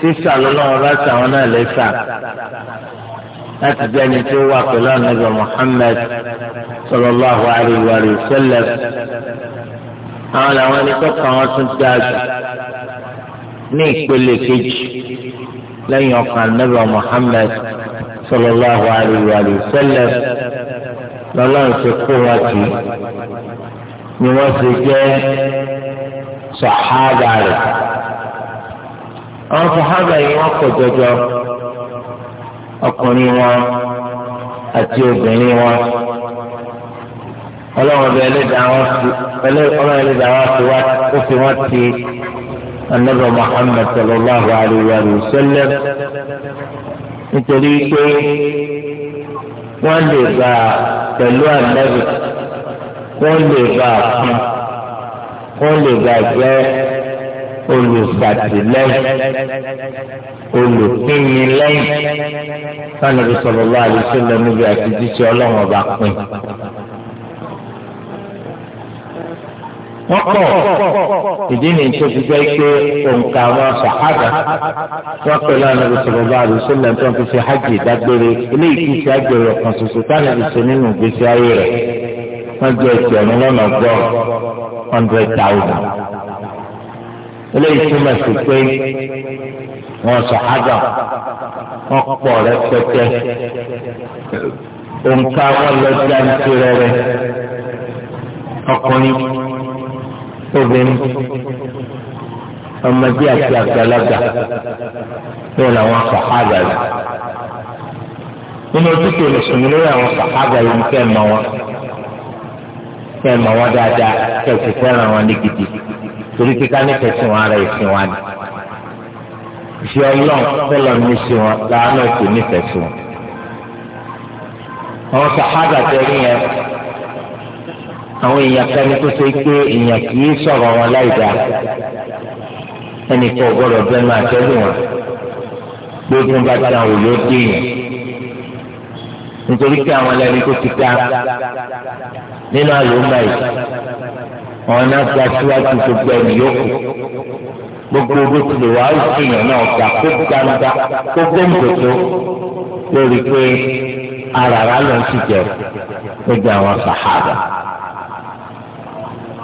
sísà lọ́lọ́run bá sàwọn náà lẹ́sà láti jẹ́ ẹni tí ó wà pẹ̀lú ànábì Muhammad sallallahu alayhi wa sallam àwọn làwọn ẹni tó kàn wọ́n tún dáa jù ní ìpele kejì lẹ́yìn ọkàn ànábì Muhammad sallallahu alayhi wa sallam lọ́lọ́run ti kó wa kì í ni wọ́n ti jẹ́ sàhábà rẹ̀ àwọn sọ̀hábà yìí wọ́n pọ̀ jọjọ ọkùnrin wọn àti obìnrin wọn ọlọ́run bẹ ẹlẹ́dàá wọn fi ọlọ́run ẹlẹ́dàá wọn fi wá ó fi wọ́n ti anabi muhammed sallallahu alayhi wa sallam nítorí pé wọ́n lè bá pẹ̀lú anabi wọ́n lè bá fún wọ́n lè bá jẹ́ olùsàtìlẹ́yìn olùpínyìnlẹ́yìn sanabi sallallahu alaihi wasallam níbi àtijíṣẹ Ọlọ́run ọba pin. wọ́n pọ̀ ìdí ni tó fi jẹ́ pé òǹkà àwọn sàhábà wọ́n pẹ̀lú ànábi sallallahu alaihi wasallam tó ń fi ṣe hajj ìdágbére eléyìí kì í ṣe àgbèrè ọ̀kan ṣoṣo tánàbì ṣe nínú ìgbésí ayé rẹ̀ wọ́n jẹ́ ìtẹ̀rún lọ́nà ọgbọ́n hundred thousand eléyìí túmọ̀ sí pé wọn sàhábà wọn pọ̀ rẹpẹtẹ òǹkà wọn lọ sí àǹtí rẹrẹ ọkùnrin obìnrin ọmọdé àti àgbàlagbà yóò làwọn sàhábà rẹ nínú títí olùsùnmí lórí àwọn sàhábà yìí kẹ́ ẹ̀ mọ̀ wọn kẹ́ ẹ̀ mọ̀ wọn dáadáa kẹ́ ẹ̀ sì fẹ́ràn wọn ní gidi torí kíkà ní kẹsìn wọn ara ìsìn wọn ni ìṣe ọlọ́run tẹ́lọ̀ ní sí wọn láàánú ètò nífẹ̀ẹ́ sí wọn. àwọn sàhábà tẹ́lẹ̀ yẹn àwọn èèyàn kan tó ṣe pé èèyàn kì í sọ̀rọ̀ wọn láì dáa ẹnìkan ò gbọ́dọ̀ bẹ́ẹ̀ máa tẹ́lẹ̀ wọn gbogbo bá ti àwọn òye ó dé yẹn nítorí pé àwọn ẹlẹ́ni tó ti dá nínú àlùmọ́ yìí àwọn náà gba síwájú gbogbo ẹni yòókù gbogbo bó tilẹ̀ wá ìsìnyàn náà gbà kó gbangba kó gbóngbòtó lórí pé arara ló ń ti jẹ gbogbo àwọn sàhábà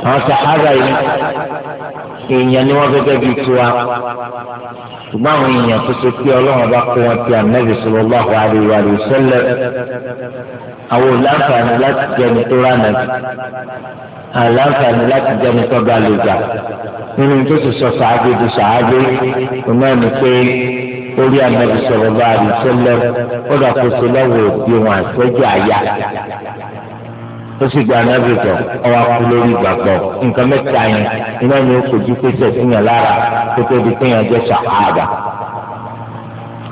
àwọn sàhábà yìí èèyàn ni wọ́n gẹ́gẹ́ bíi tiwa ṣùgbọ́n àwọn èèyàn tó ṣe pé ọlọ́run bá kó wọn ti ànábì sallallahu alaihi wa sallam àwọn olànfààní láti jẹni tó rànà àlànfààní láti jẹni tó ga lè jà nínú tó ti sọ sàábì di sàábì ọmọ ẹni pé orí ànábì sallallahu alaihi wa sallam ó dà kó lọ́wọ́ òbí wọn àtẹ́jọ́ àyà ó sì gba anábì tọ ọwọ akú lórí ìgbàgbọ́ nǹkan mẹ́ta yẹn iná ni ó kojú pèsè síyàn lára kó tó di pé yẹn jẹ sàkáàbà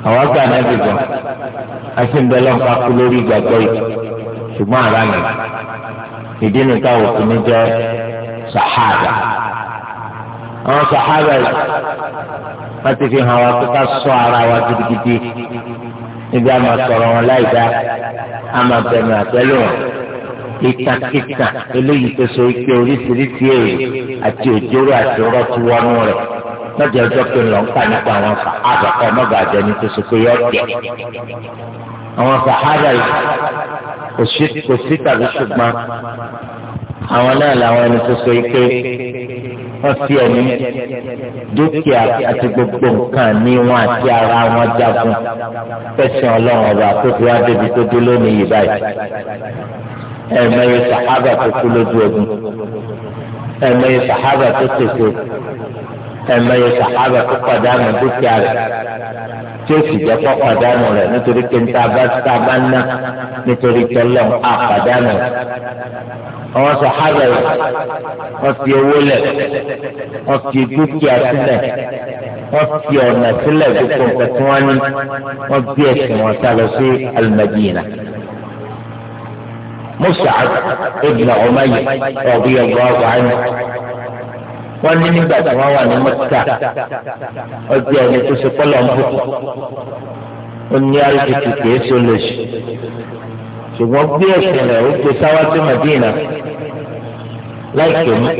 àwọn gba anábì tọ àti ń bẹ lọ́nkà akú lórí ìgbàgbọ́ yìí ṣùgbọ́n ara nì ìdí nu táwọn òkú ní jẹ sàkáàbà àwọn sàkáàbà yìí wọ́n ti fi hàn wá pé ká sọ ara wa gidigidi níbi àmà sọ̀rọ̀ wọn láì dá àmà bẹ̀rẹ̀ àtẹ́lẹ̀ wọn ìtàkìtà eléyìí tó so ike oríṣiríṣi èrè àti òjòrò àti ọ̀rọ̀ tí wọnú rẹ̀ lọ́jọ́ ọjọ́ pé ńlọ ń kà nípa àwọn sàhádà kọ́ mọ́gà tó so pé yọ tẹ̀. àwọn sàhádà yìí kò sí tàbí ṣùgbọ́n àwọn náà làwọn ẹni tó so ike wọ́n fi ẹ̀mí dúkìá àti gbogbo nǹkan ní àti ara wọn jagun fẹsẹ̀ ọlọ́run ọba tó fi wá débi tó dé lónìí yìí báyìí. ẹ̀mẹ́yẹ sàhábà tó kú lójú ogun ẹ̀mẹ́yẹ sàhábà tó tètè ẹ̀mẹ́yẹ sàhábà tó pàdánù dúkìá rẹ̀ tí ó sì jẹ́ kó pàdánù rẹ̀ nítorí pé níta bá tá a bá ná nítorí tẹ́lẹ̀ á pàdánù rẹ̀. àwọn sàhábà rẹ̀ wọ́n fi owó lẹ̀ wọ́n fi dúkìá sílẹ̀ wọ́n fi ọ̀nà sílẹ̀ gbogbo nǹkan tí wọ́n ní wọ́n bí ẹ̀sìn wọn sá lọ sí Al-Madina. Mus'ab ibn Umayr radiyallahu anhu wọ́n ní nígbà tí wọ́n wà ní Mẹ́kà ọjọ́ ẹni tó ṣe kọ́lọ̀ ń bùkún ó ní àríkìtì kìí ṣe lóṣù ṣùgbọ́n bí ẹ̀sìn rẹ̀ ó gbé sáwájú Màdínà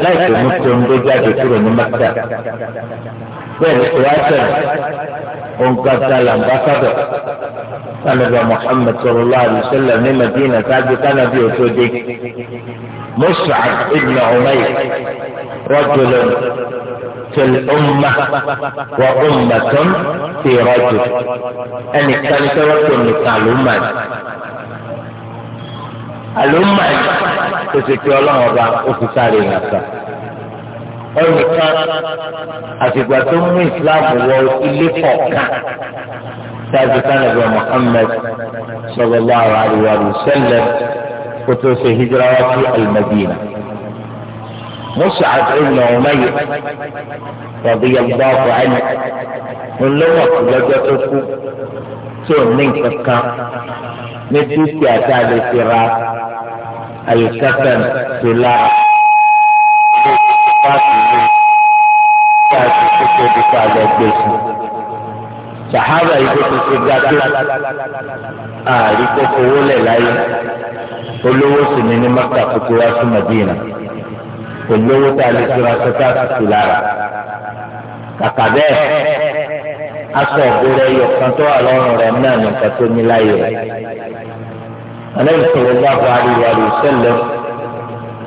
láìpẹ́ mú tó ń gbé jáde kúrò ní Mẹ́kà bẹ́ẹ̀ ni kò wá sẹ̀rẹ̀ òǹkà sanabi muhammad sallallahu alaihi wa sallam ní madina sáájú kánàbí òtó dé mus'ab ibn umayr rajulun fil umma wa ummatun fi rajul ẹnì kan sọ̀rọ̀ tó nìkan ló mà ní. àlùmà yìí ó ti fi ọlọ́run ọba ó fi sáré nàta ẹnì kan àtìgbà tó mú islam wọ ilé kọ̀ọ̀kan. سابقا نبي محمد صلى الله عليه وسلم قدس هجرة المدينة مسعد بن عمير رضي الله عنه من لو وقلدته سن من كفكا ندوك يا تالي الكفن سلاح sàhábà yìí tó ti ga tó ààrí tó fowó lẹ̀ láyé olówó sì ni ní maka kókó wá sí madina olówó tá a lè fi wá sọ́tà sí lára kàkà bẹ́ẹ̀ aṣọ òbúrẹ́ yọ kan tó wà lọ́rùn rẹ̀ náà nìkan tó ní láyé rẹ̀ alẹ́ sọ̀rọ̀ bá bá ariwo àlè sẹ́lẹ̀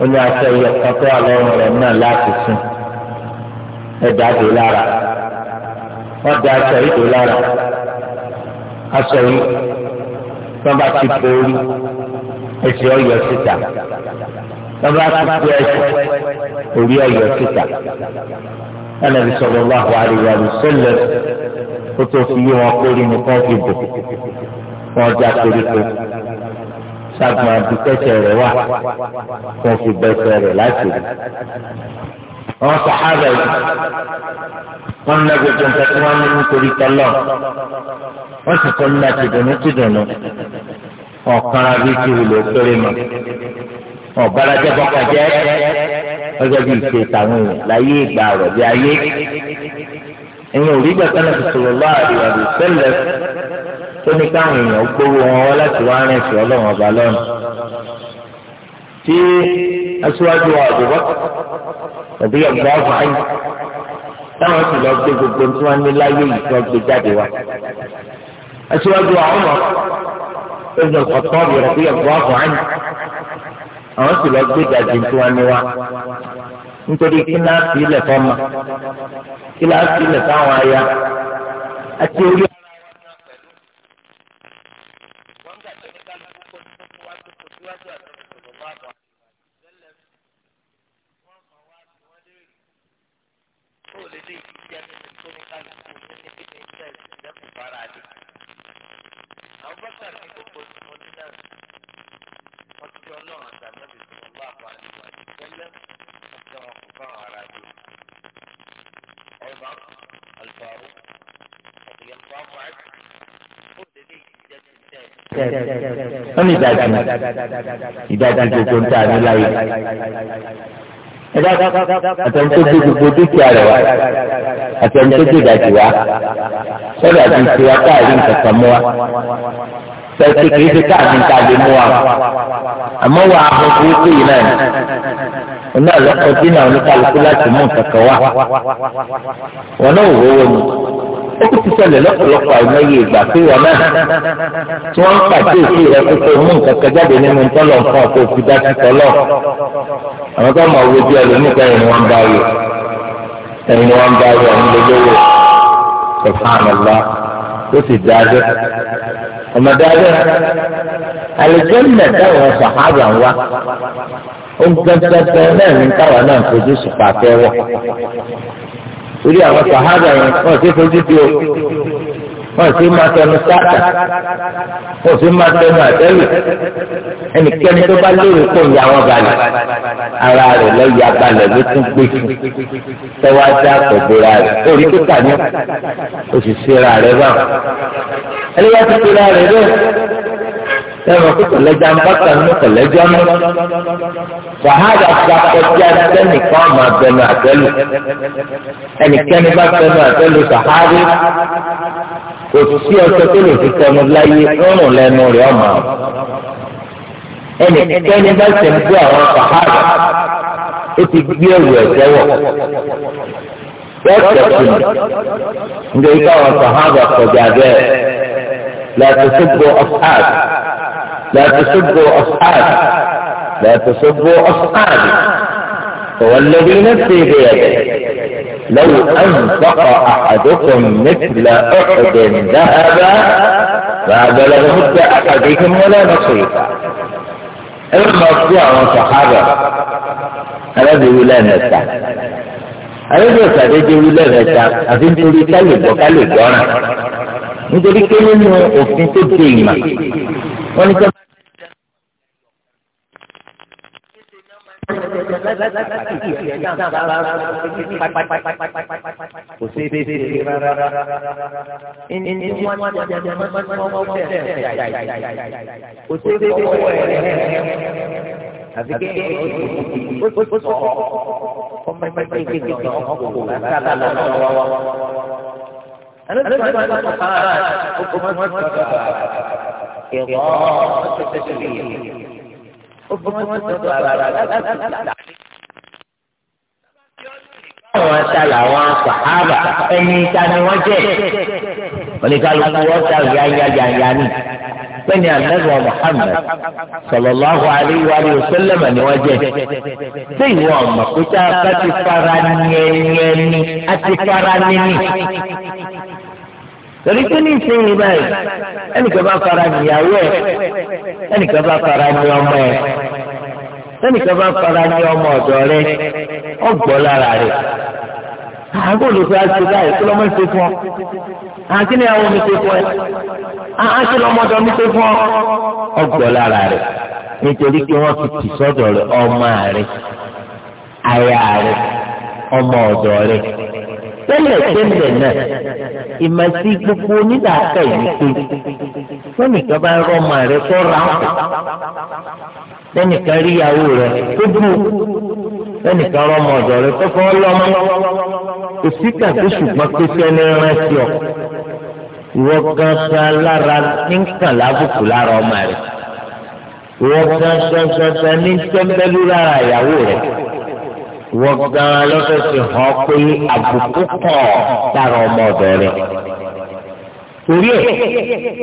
ó ní aṣọ yọ kan tó wà lọ́rùn rẹ̀ náà wọ́n da aṣọ ìdò lára aṣọ yìí tí wọ́n bá ti bo orí ẹsẹ̀ ọ̀yọ́ síta tí wọ́n bá ti bo ẹsẹ̀ orí ọ̀yọ́ síta ẹnìyàbí sọ̀rọ̀ bá wà lùwà lù sẹ́lẹ̀ kó tó fi yé wọn kórè nìkan fi bò wọ́n já koríko ṣàgbọ́n àdúgbẹ́sẹ̀ rẹ̀ wà wọ́n fi bẹ́sẹ̀ rẹ̀ láti àwọn sàhábà yìí wọn ná gbogbo nǹkan tí wọn ní nítorí tọlọ wọn sì tún ná tìdùnnú tìdùnnú ọkàn àbí ti wùlò péré mọ ọ̀bárajẹ́ bọ́kàjẹ́ gẹ́gẹ́ bí ìṣe tàwọn èèyàn láyé ìgbà rẹ̀ bí ayé ẹ̀yin ò rí gbàgbọ́ náà ti sọ̀rọ̀ lọ́wọ́ àdìwàdì tẹ́lẹ̀ tó káwọn èèyàn gbówó wọn wá láti wá rìn sí ọlọ́run ọba lọ́run tí aṣíwájú wa Abubakar tàbí ọgbà ọfàn táwọn sì lọ gbé gbogbo tí wọn ní láyé yìí tí wọn gbé jáde wa aṣíwájú wa ọmọ ẹgbẹ ọkọtọ mi rẹ bí ọgbà ọfàn àwọn sì lọ gbé jáde tí wọn ní wa nítorí kíláàsì ilẹ̀ fọ́mà kíláàsì ilẹ̀ fáwọn aya àti orí wọ́n ní ìdajì ìdajì gbogbo ń tà ní láyé àtẹnudó tó gbogbo dúkìá rẹ wá àtẹnudó tó dàjì wá sọ́dọ̀ àti ìṣèwà káàrí nǹkan kan mú wa pẹ̀sì kìí ṣe káàdì káàdì mú wa àmọ́ wà á hàn burúkú yìí náà ní ọ̀nà ọ̀lọ́kọ̀ọ́ oníkàlùkù láti mú nǹkan wá wọn náà wò ó ó ti ṣẹlẹ̀ lọ́pọ̀lọpọ̀ àìmọye ìgbà pé wọn náà tí wọ́n ń pàṣẹ ìṣe rẹ pípé mú nǹkan kan jáde nínú tọ́lọ̀ nǹkan kó fi dá sí tọ́lọ̀ àwọn tó máa wojú ẹlòmíkà ẹni wọn bá yọ ẹni wọn bá yọ ọ̀hún lólówó subhanallah ó sì dá dé ọmọdé adé àlejò ńlẹ̀ táwọn sàhábà ń wá ó ń tẹ́tẹ́tẹ́ náà ní táwọn náà fojú sùpàtẹ́wọ̀ torí àwọn sàhábà yẹn wọ́n ti fojú di o wọ́n ti máa tẹnu sáàtà wọ́n ti máa tẹnu àtẹ́lù ẹnikẹ́ni tó bá lérò kó ń ya wọn balẹ̀ ara rẹ̀ lọ́ọ́ ya balẹ̀ ló tún gbé fún tọ́wọ́ ajá rẹ̀ orí kíkà ní oṣù síra rẹ̀ báwọn ẹni wọ́n ti pera rẹ̀ bẹ́ẹ̀ sẹ́wọ̀n kó kọ̀lẹ́jà ń bàtà nínú kọ̀lẹ́jà mọ́. Wàhálà sàkọjá sẹ́nìkan máa bẹnu àtẹ́lù. Ẹnikẹ́ni bá bẹnu àtẹ́lù sàhárì. Kò sí ọjọ́ tó lè fi tẹnu láyé rọrùn lẹ́nu rẹ̀ ọ̀mà. Ẹnikẹ́ni bá ṣe ń àwọn sàhárì. Ó ti gbé ẹ̀wù ẹ̀jẹ̀ wọ̀. Bẹ́ẹ̀ tẹ̀sí mi. Ǹjẹ́ ìgbà àwọn sàhárì ọ̀kọ̀jà bẹ́ẹ̀. Lọ́sọ̀tún bọ̀ ọ̀sáàdì. لا تسبوا أصحابي لا تسبوا أصحابي هو الذي نفسي بيده لو أنفق أحدكم مثل أحد ذهبا فهذا بلغ مد أحدهم ولا نصيبا إما أطيع صحابة الذي ولا نسى الذي سأجد ولا نسى أفين تريد كالب وكالب وانا nítorí pé nínú òfin tó wọ́n ní jẹ́ kò sí ebè ebè rárá ní wọn wọn jẹ jẹ wọn wọn tẹ tẹ kò sí ebè ọwọ́ ẹ rẹ àfi ké ó sọ ọmọ ẹgbẹ́ kékeré kékeré ọkọ kò sábà lọ lọ wá wá wá. إضافة التشريع وبما تدعى على àwọn ẹ̀ta làwọn sàhábà ẹni ìta ni wọ́n jẹ́ oníkàlùkù wọ́n ta yányányányá ni pẹ́ni ànábì Muhammad sallallahu alayhi wa sallam ni wọ́n jẹ́ ṣé ìwọ ọmọ pété abá ti fara ní torí pé ní ìsinyìí báyìí ẹnìkan bá fara níyàwó ẹ ẹnìkan bá fara ní ọmọ ẹ ẹnìkan bá fara ní ọmọ ọ̀dọ̀ rẹ ọgbọ́ lára rẹ àgbo olùfẹ́ àti báyìí kí lọ́mọ ìṣe fún ọ àti ní àwọn omi fún ẹ àti lọ́mọdé omi fún ọ ọgbọ́ lára rẹ nítorí pé wọ́n fi tì sọ́dọ̀ rẹ ọmọ rẹ aya rẹ ọmọ ọ̀dọ̀ rẹ tẹ́lẹ̀ tẹ́lẹ̀ náà ìmọ̀sí gbogbo onídàáfẹ́ yìí pé sẹ́nìkan bá rọ rẹ kọ́ ra ọ̀pọ̀ sẹ́nìkan rí ìyàwó rẹ tó bú sẹ́nìkan rọ ọmọ rẹ tó fọ́ lọ́mọ kò sí kàtó ṣùgbọ́n pé sẹ́ni rántí ọ ìwọ gángan lára ní lábùkù lára ọmọ rẹ ìwọ gángan gángan ní tẹ́ńbẹ́lú lára ìyàwó rẹ. wọ́n gan lọ́fẹ̀sẹ̀ hàn pé àbùkù kọ̀ lára ọmọ ọ̀dọ̀ rẹ̀. torí ẹ̀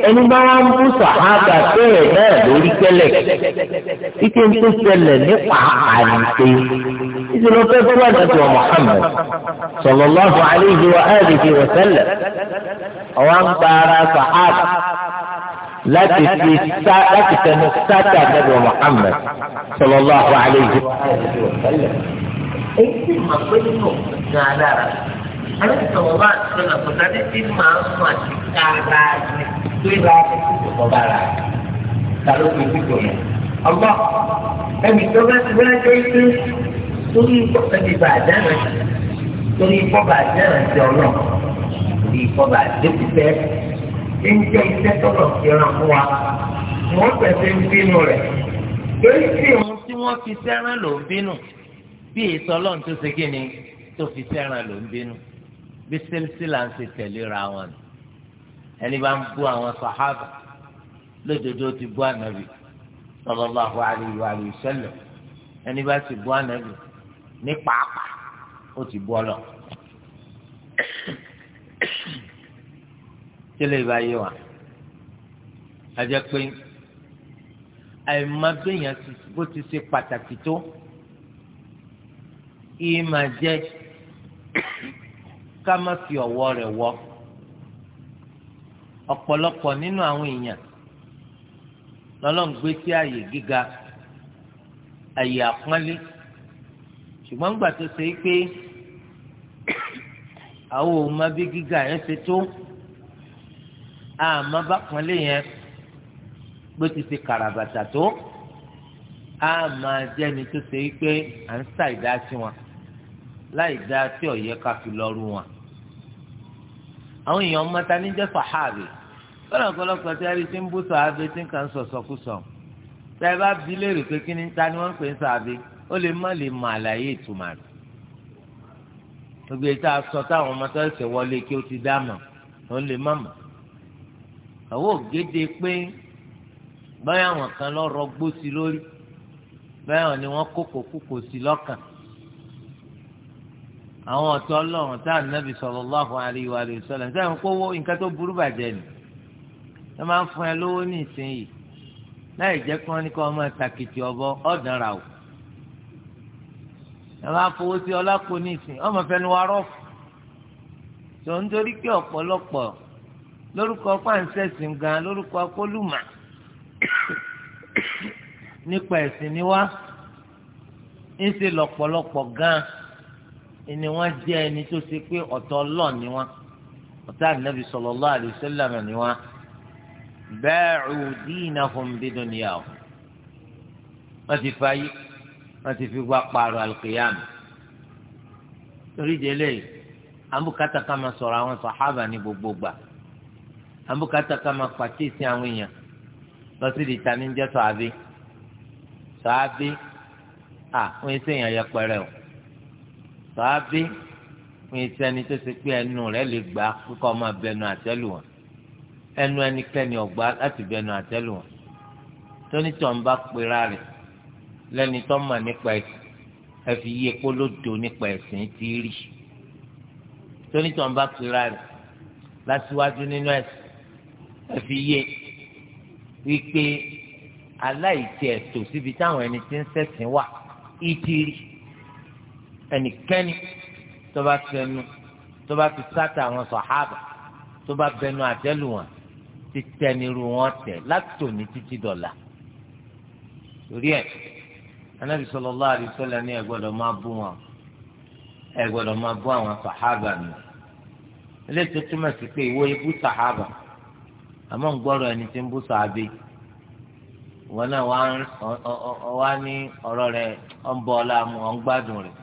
ẹni bá wá ń bú sàhábà bẹ́ẹ̀ náà lórí tẹ́lẹ̀ ike ń tó ṣẹlẹ̀ nípa àyíké ìdí ló fẹ́ bọ́ láti ọmọ Muhammad sallallahu alaihi wa alihi wa sallam ọ̀wá ń gba ara sàhábà láti fi sá láti tẹnu sátà nẹ́bí Muhammad sallallahu alaihi wa sallam. èyí sì mà pé nínú òkùnkùn alára àlejò sọ̀rọ̀ bá àtúnṣe kọ̀tà títí máa ń mà sí kára rẹ̀ tó ìlà àtúnṣe kọ̀ bára rẹ̀ tàbí kò sí kò yẹn. ọgbọ́ ẹnì tó bá ti bá dé pé torí ikọ́ ẹni bá dáná torí ikọ́ bá dáná ti ọ̀nà torí ikọ́ bá dé pípẹ́ ṣé ń jẹ́ iṣẹ́ tọ́lọ̀ ti ràn fún wa wọ́n pẹ̀sẹ̀ ń bínú rẹ̀ èyí sì ń tí wọ́n fi sẹ́rán ló ń bínú bí ètò ọlọ́run tó ṣe kí ni tó fi sẹ́ràn ló ń bínú bí sílsílà ń ṣe tẹ̀léra wọn ni ẹni bá ń bú àwọn sàhábà lódodo ti bú ànábì sallallahu alaihi wa alihi wasallam ẹni bá ti bú ànábì ní pàápàá ó ti bú ọlọ. tílé ìbá yé wa a jẹ pé àìmọ́ bẹ́yàn bó ti ṣe pàtàkì tó ìyí máa jẹ́ ká má fi ọ̀wọ́ rẹ̀ wọ́ ọ̀pọ̀lọpọ̀ nínú àwọn èèyàn lọ́lọ́ǹgbé sí àyè gíga àyè àpọ́nlé ṣùgbọ́n gbà tó ṣe pé àwọn òun máa bí gíga yẹn ṣe tó àmọ́ bá pọ́nlé yẹn bó ti ṣe kàràbàtà tó àmọ́ jẹ́ni tó ṣe pé à ń ṣàìdá sí wọn láì dá tí ó yẹ ká fi lọ́rù wọn. àwọn èèyàn mọ́ta ní jẹ́ sàhábì lọ́nà ọ̀pọ̀lọpọ̀ tí a rí ti ń bú sàhábì tí nǹkan sọ̀sọ̀kúsọ̀ tá ẹ bá bí léèrè pé kí ni ta ni wọ́n ń pè ń sàhábì ó lè má lè mọ àlàyé ìtumọ̀ rẹ̀. gbogbo ètò aṣọ táwọn ọmọ tó wọlé kí ó ti dá mọ̀ ó lè má mọ̀. àwọn ògede pé báyà wọn kan lọ rọgbó sí lórí báyà wọn ni wọn kókò kókò sí lọ́kàn àwọn ọ̀tọ̀ ọlọ́run tá ànábì sallallahu alaihi wa sallam ṣé àwọn kówó nǹkan tó burú bàjẹ́ ni ẹ máa ń fún ẹ lówó ní ìsinyìí láì jẹ́ kí wọ́n ní kí wọ́n máa tàkìtì ọ̀bọ ọ̀dàn rà o ẹ máa fowó sí ọlápò ní ìsìn ọmọ fẹnu wa rọ́ọ̀fù tó ń torí pé ọ̀pọ̀lọpọ̀ lórúkọ pàǹsẹ̀sìn gan lórúkọ kólùmà nípa ẹ̀sìn ni wá ń ni wọ́n jẹ́ ẹni tó ṣe pé ọtọ ọlọ́ọ̀ ni wọ́n ọ̀tá ànábì sallallahu alaihi ni wọ́n ba'u dinahum bidunyahum wọ́n ti fa yí wọ́n ti fi gba pààrọ̀ al torí délé àbúkátà ká máa sọ̀rọ̀ àwọn sàhábà ní gbogbo gbà àbúkátà ká máa pàkíyèsí àwọn èèyàn lọ èèyàn sàábí fún iṣẹ́ ẹni tó ṣe pé ẹnu rẹ̀ lè gbà kíkọ́ ọmọ abẹnú àtẹ́lù wọn ẹnu ẹnikẹ́ni ọ̀gbá láti bẹnu àtẹ́lù wọn tónítọ̀ ń bá pera rẹ̀ lẹ́ni tó mọ̀ nípa ẹ̀sìn ẹ fi yí epo lódo nípa ẹ̀sìn tí rí tónítọ̀ ń bá pera rẹ̀ lásìwájú nínú ẹ̀sìn ẹ fi yé wípé aláìtì ẹ̀tọ́ síbi táwọn ẹni tí ń ṣẹ̀sìn wà ìtì ẹnikẹ́ni tó bá fẹnu tó bá fi sáta àwọn sọ̀hábà tó bá fẹnu àtẹ́lù wọn ti tẹniru wọn tẹ láti tòní títí dọ̀la torí ẹ anabi sallallahu alaihi wasallam ní ẹ gbọ́dọ̀ máa bú wọn ẹ gbọ́dọ̀ máa bú àwọn sọ̀hábà mi eléyìí tó túmọ̀ sí pé ìwọ ibú sàhábà àmọ́ ń gbọ́rọ̀ ẹni tí ń bú sàábé ìwọ náà wá ní ọ̀rọ̀ rẹ̀ ọ̀ ń bọ́ ọ́lá mu ọ̀ ń gbádùn rẹ̀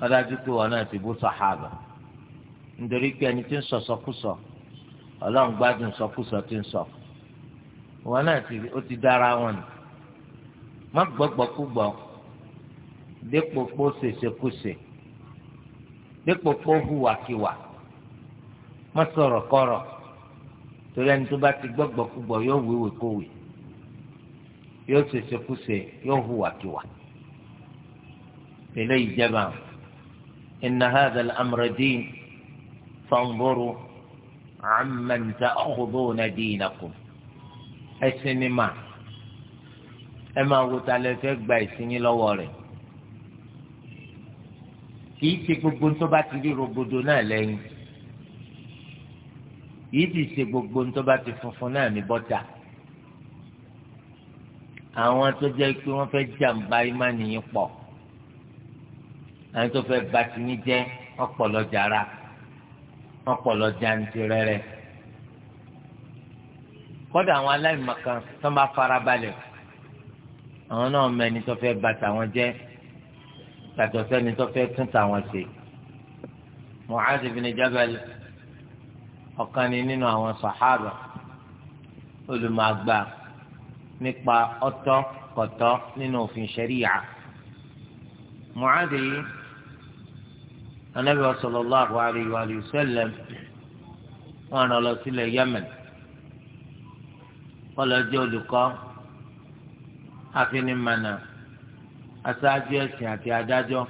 ọdájú pé wọn náà ti bú sàhábà nítorí pé ẹni tí ń sọ sọkúsọ ọlọ́run gbádùn sọkúsọ tí ń sọ wọn náà ti ó ti dára wọn ni má gbọ́gbọ́kúgbọ́ dépò pó ṣèṣekúṣe dépò pó hùwàkiwà má sọ̀rọ̀ kọ̀rọ̀ torí ẹni tó bá ti gbọ́gbọ́kúgbọ́ yóò wíwèé kówèé yóò ṣèṣekúṣe yóò hùwàkiwà eléyìí إن هذا الأمر دين فانظروا عمن تأخذون دينكم السينما أما قلت عليك بأسيني لوري kì í ṣe gbogbo tó bá ti rí rogodo náà lẹ́yìn kì í ti ṣe gbogbo tó bá ti funfun náà ní bọ́tà àwọn tó jẹ́ pé wọ́n fẹ́ jàǹbá ìmánìyàn pọ̀ àwọn tó fẹ́ ba tìmí jẹ́ ọpọlọ jara ọpọlọ jantirẹrẹ kọ́dà àwọn aláìmọ̀kan tó ń bá fara balẹ̀ àwọn náà mẹ́ni tó fẹ́ ba tàwọn jẹ́ yàtọ̀ sẹ́ni tó fẹ́ tún tàwọn ṣe Mu'adh ibn Jabal ọ̀kan ni nínú àwọn sàhábà olùmọ̀gbà nípa ọ̀tọ̀ kọ̀tọ̀ nínú òfin ṣẹ̀ríyà Mu'adh anabi wa sallallahu alayhi wa sallam wọn rán lọ sílẹ̀ yemen wọn lọ jẹ́ olùkọ́ afinimana aṣáájú ẹ̀sìn àti adájọ́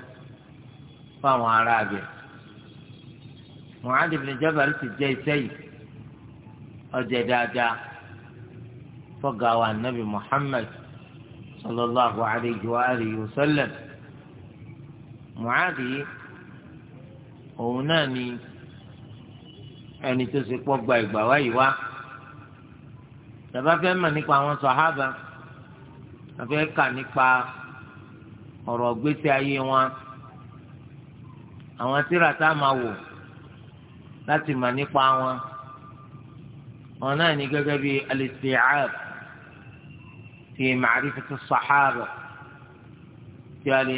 fún àwọn ará abẹ muhammed bin jabal ti jẹ́ iṣẹ́ yìí ọjẹ dáadáa fọgá wa anabi muhammed sallallahu alayhi wa sallam muhammed yìí. òun náà ni ẹni tó ṣe pọ̀ gba ìgbà wáyé wá tàbá mọ̀ nípa àwọn sàhábà afẹ́ kà nípa ọ̀rọ̀ gbèsè ayé wọn àwọn tíra tá a máa wò láti mọ̀ nípa wọn wọn náà ní gẹ́gẹ́ bí fi ti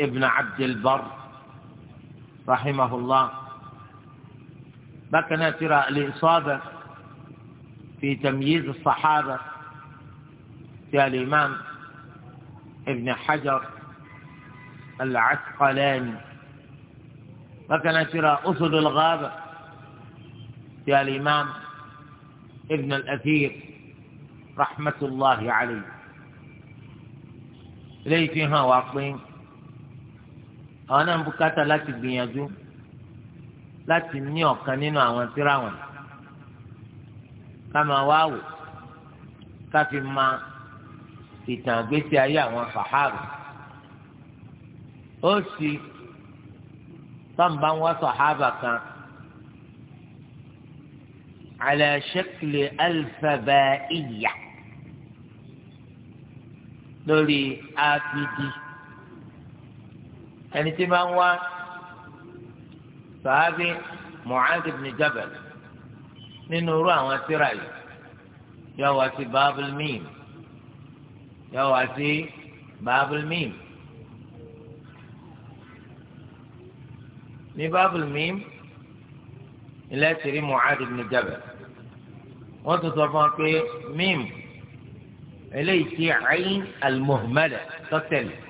ابن عبد البر رحمه الله بكنا ترى الإصابة في تمييز الصحابة يا الإمام ابن حجر العسقلاني بكنا ترى أسد الغابة يا الإمام ابن الأثير رحمة الله عليه ليتها فيها àwọn náà ń bùkátà láti gbìyànjú láti ní ọ̀kan nínú àwọn tírà wọn ká máa wá wò ká fi ma ìtàn àgbésí ayé àwọn sàhábà ó sì tọ́ǹbà ń wá sàhábà kan ala shakli alfabaiya lórí ápìdì. ẹni tí máa ń wá sàábì Mu'adh bin Jabal nínú irú àwọn tírà yìí yóò wá sí Babul Mim yóò wá sí Babul Mim ní Babul Mim ilé tìrí Mu'adh bin Jabal wọ́n tún sọ fún wa pé mim eléyìí ti ayin al-muhmala tọ́tẹ̀lẹ̀.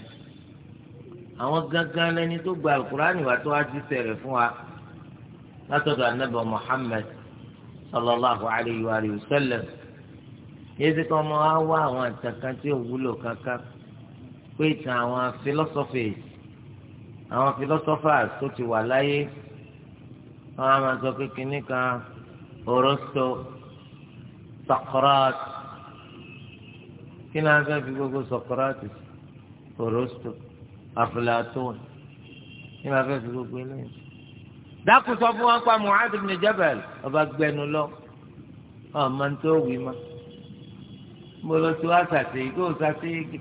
àwọn gangan lẹni tó gba alukurani wà tó wá ti sẹrẹ fún wa látọ̀dọ̀ anabi muhammed sallallahu alayhi wa sallam yéésì kan mọ wá wá àwọn àtàkàn tí ò wúlò kankan pé ìtàn àwọn philosophers àwọn philosophers tó ti wà láyé wọn á máa sọ pé kínní kan Aristo Socrates kí ni a fẹ́ fi gbogbo Socrates Aristo aflaatun ما ma fẹ́ fi gbogbo eléyìí. dákun sọ fún wa pa Mu'adh ibn Jabal ọba gbẹnu lọ ọmọ ní tó wí ma mo lọ sí wa sàté ìgò sàté igi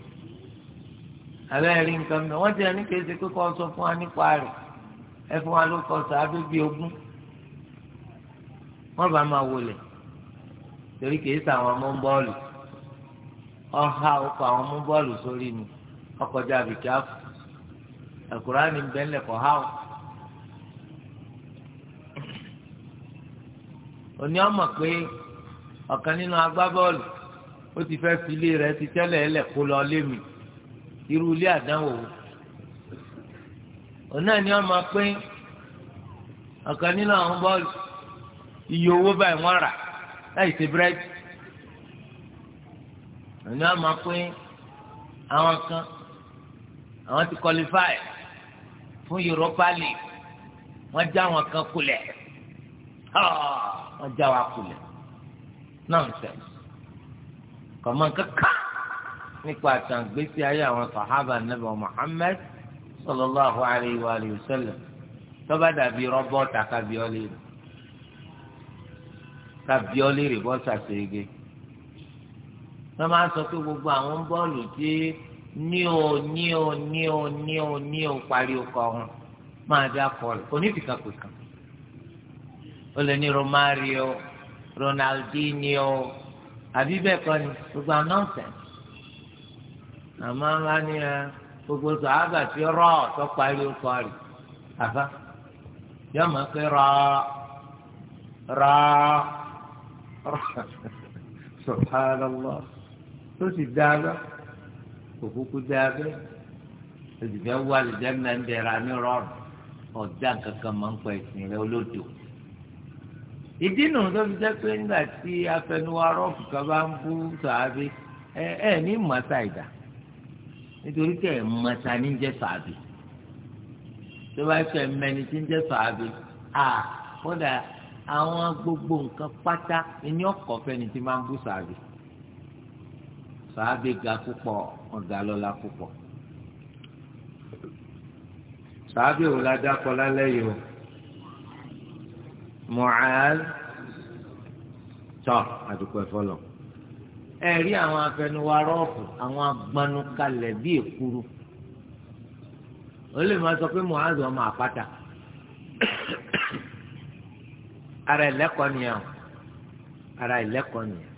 abẹ́ rí nǹkan mi wọ́n ti ẹni kéde pé kọ́ sọ fún wa nípa rẹ̀ ẹ fún wa ló kọ sàádó bíi ogún wọ́n bá máa wọlé torí kìí sàwọn ọmọ bọ́ọ̀lù ọ̀ha ọkọ̀ àwọn ọmọ bọ́ọ̀lù sórí mi ọkọ̀ jábìkì áfọ̀ alukurani bẹ́ẹ̀ lẹ̀ kọ́ ha o. òní ọmọ pé ọ̀kan nínú agbábọ́ọ̀lù ó ti fẹ́ fi ilé rẹ̀ ti tẹ́lẹ̀ ẹlẹ̀ kó lọ lé mi irú ilé àdánwò o. òun náà ni ọmọ pé ọ̀kan nínú àwọn bọ́ọ̀lù iye owó báyìí wọ́n rà láì ṣe búrẹ́dì. òun náà máa pé àwọn kan àwọn ti kọlifáì fún Europa League wọ́n já wọn kan kulẹ̀ wọ́n já wa kulẹ̀ nonsense kọ̀mọ́ kankan nípa àtàǹgbésí ayé àwọn sàhábà nàbì Muhammad sallallahu alayhi wa alihi wa sallam tọ́ba dàbí rọ́bọ́tà kábíọ́lì rẹ̀ kábíọ́lì rẹ̀ bọ́sà ṣègé wọ́n máa ń sọ pé gbogbo àwọn bọ́ọ̀lù tí ní o ní o ní o ní o ní o parí ọkọ ọhún máa dá kọlù onífìkàpìkàn o lè ní Romario Ronaldinho àbí bẹ́ẹ̀ kọ́ ni gbogbo àwọn nọ́ọ̀sẹ̀nsì àmọ́ ńlá ni ẹ gbogbo sàábà tí rọ tó parí ọkọ rẹ̀ àbá yóò máa pé rọ rọ rọ sọ̀tàn lọ́wọ́ sì dá lọ́wọ́ òkúkú tẹ abẹ òsìfẹ wọ àlùjáde ń bẹ̀rẹ̀ àní rọrùn ọjà kankan máa ń pa ìsìn rẹ olódò ìdí nù tó fi jẹ́ pé nígbà tí afẹnuwarọ kan bá ń bú sàábì ẹ ẹ ní màtá ìdá nítorí tẹ ẹ màtá ní jẹ́ sàábì tó bá fẹ́ mẹni tí ń jẹ́ sàábì à kódà àwọn gbogbo nǹkan pátá ni ọkọ fẹni tí máa ń bú sàábì. sàábì ga púpọ̀ ọ̀gá púpọ̀ sàábì wò la dákọ̀ lálẹ́ yìí o Mu'al tọ́ àdúgbò ẹ̀fọ́ ẹ rí àwọn afẹnuwa rọ́ọ̀fù àwọn agbanukalẹ̀ bíi èkuru ó máa sọ pé ara ẹ̀lẹ́kọ̀ọ́ nìyẹn ara nìyẹn.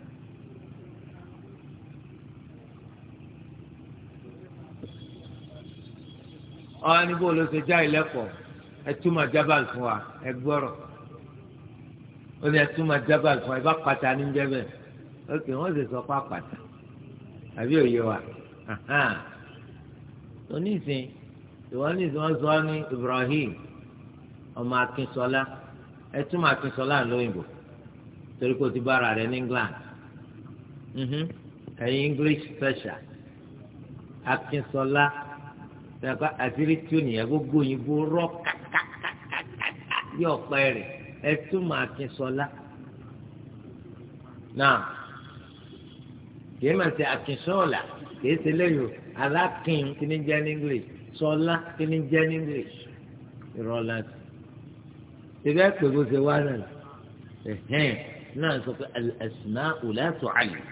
ọ̀hún anígbó ló ṣe já ìlẹ́kọ̀ọ́ ẹtúmọ̀ jábàlì fún wa ẹ gbọ́rọ̀ ó ní ẹtúmọ̀ jábàlì fún wa ẹ bá pàtà ní jẹ́bẹ̀ ok wọ́n sì sọ pé àpàtà àbí òye wa onísìn ìwọ onísìn wọn sọ ní Ibrahim ọmọ Akínsọlá ẹtúmọ̀ Akínsọlá lóyìnbó torí kò ti bára rẹ ní England mhm. ẹ̀yin English special Akínsọlá sọ̀rọ̀ àṣírí tí ó nìyẹn gbogbo òyìnbó rọ́ kàkàkàkà bí ọ̀pẹ rẹ̀ ẹ túmọ̀ Akínsọ́lá náà kìí máa ṣe Akínsọ́lá kìí ṣe lẹ́yìn alákin kíní jẹ́ ní English sọ́lá kíní jẹ́ ní English ìrọ̀lá ti ṣẹlẹ̀ pé bó ṣe wá náà ẹ̀hẹ́n náà sọ pé al-asma'u la tu'allam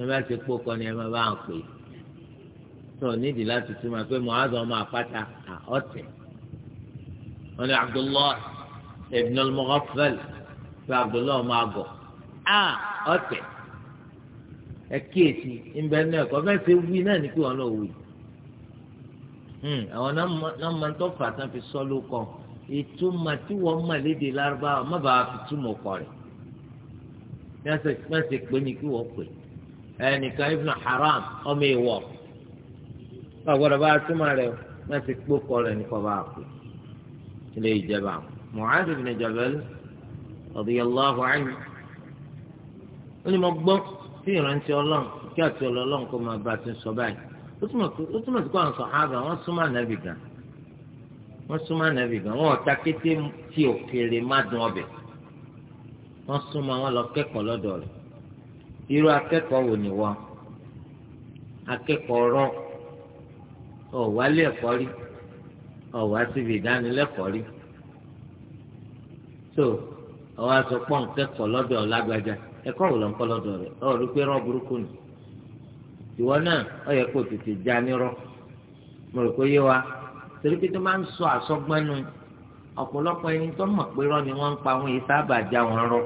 ẹ bá ti pọ̀ kọ́ni ẹ máa bá ń pè é sọ nídìí láti tún máa pé mu'adh ọmọ àpáta ọ̀tẹ̀ wọn ni abdullahi ibn al-mughaffal pé abdullahi ọmọ àgọ̀ ọ̀tẹ̀ ẹ kíyèsí ìbẹ̀ náà ẹ̀kọ́ fẹ́ ṣe wí náà ní kí wọn náà wí hmm, àwọn náà máa ń tọ́ fàtà fi sọ́ ló ìtumọ̀ tí wọ́n mọ̀ léde lárúbáwá má bàa fi túmọ̀ kọ rẹ̀ yẹn ṣe pé ní kí wọ́n pè ẹnìkan ibn haram ọmọ ìwọ̀ ọgbọ́dọ̀ bá túmọ̀ rẹ̀ náà ti kpókọ rẹ̀ nípa bá a kú ilé ìjẹba Mu'adh ibn Jabal radiyallahu anhu ó ní mo gbọ́ sí ìrántí ọlọ́run kí àti ọlọ́run kó máa bá a ti sọ báyìí ó túmọ̀ sí kó àwọn sọ̀hábà wọ́n súnmọ́ ànábì gan wọ́n súnmọ́ ànábì gan wọ́n ọ̀ta kété tí òkèèrè má dùn ọbẹ̀ wọ́n súnmọ́ wọn lọ kẹ́kọ̀ọ́ lọ́dọ̀ rẹ̀ irú akẹ́kọ̀ọ́ wò ni wọ́n akẹ́kọ̀ọ́ rọ́ọ̀ ọ̀wá lé ẹ̀kọ́ rí ọ̀wá síbi ìdánilẹ́kọ̀ọ́ rí so ọ̀wá sọ pọ́n kẹ́kọ̀ọ́ lọ́dọ̀ ọ̀làgbàjà ẹ̀kọ́ wò lọ́nkọ́ lọ́dọ̀ rẹ̀ ọ̀ rí pé rán burúkú nù ìwọ náà ó yẹ kó tètè já nírọ́ mo rò pé yé wa torí pé tó máa ń sọ àsọgbẹ́nu ọ̀pọ̀lọpọ̀ ẹni tó mọ̀ pé rọ́ ni wọ́n ń pa àwọn èyí sábà já wọn rọ́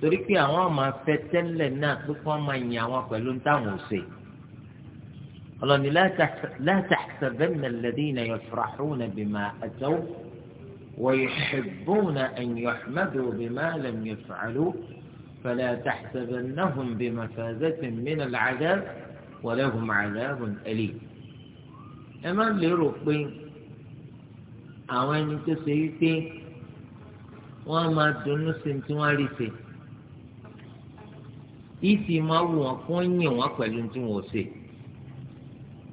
torí pé àwọn ọmọ afẹ́ tẹ́lẹ̀ náà pé kí wọ́n máa yin àwọn pẹ̀lú táwọn ò قال لا لا تحسبن الذين يفرحون بما أتوا ويحبون أن يحمدوا بما لم يفعلوا فلا تحسبنهم بمفازة من العذاب ولهم عذاب أليم أما má lérò pé àwọn ẹni tó ṣe wípé wọ́n máa dunnú sí tí wọ́n rí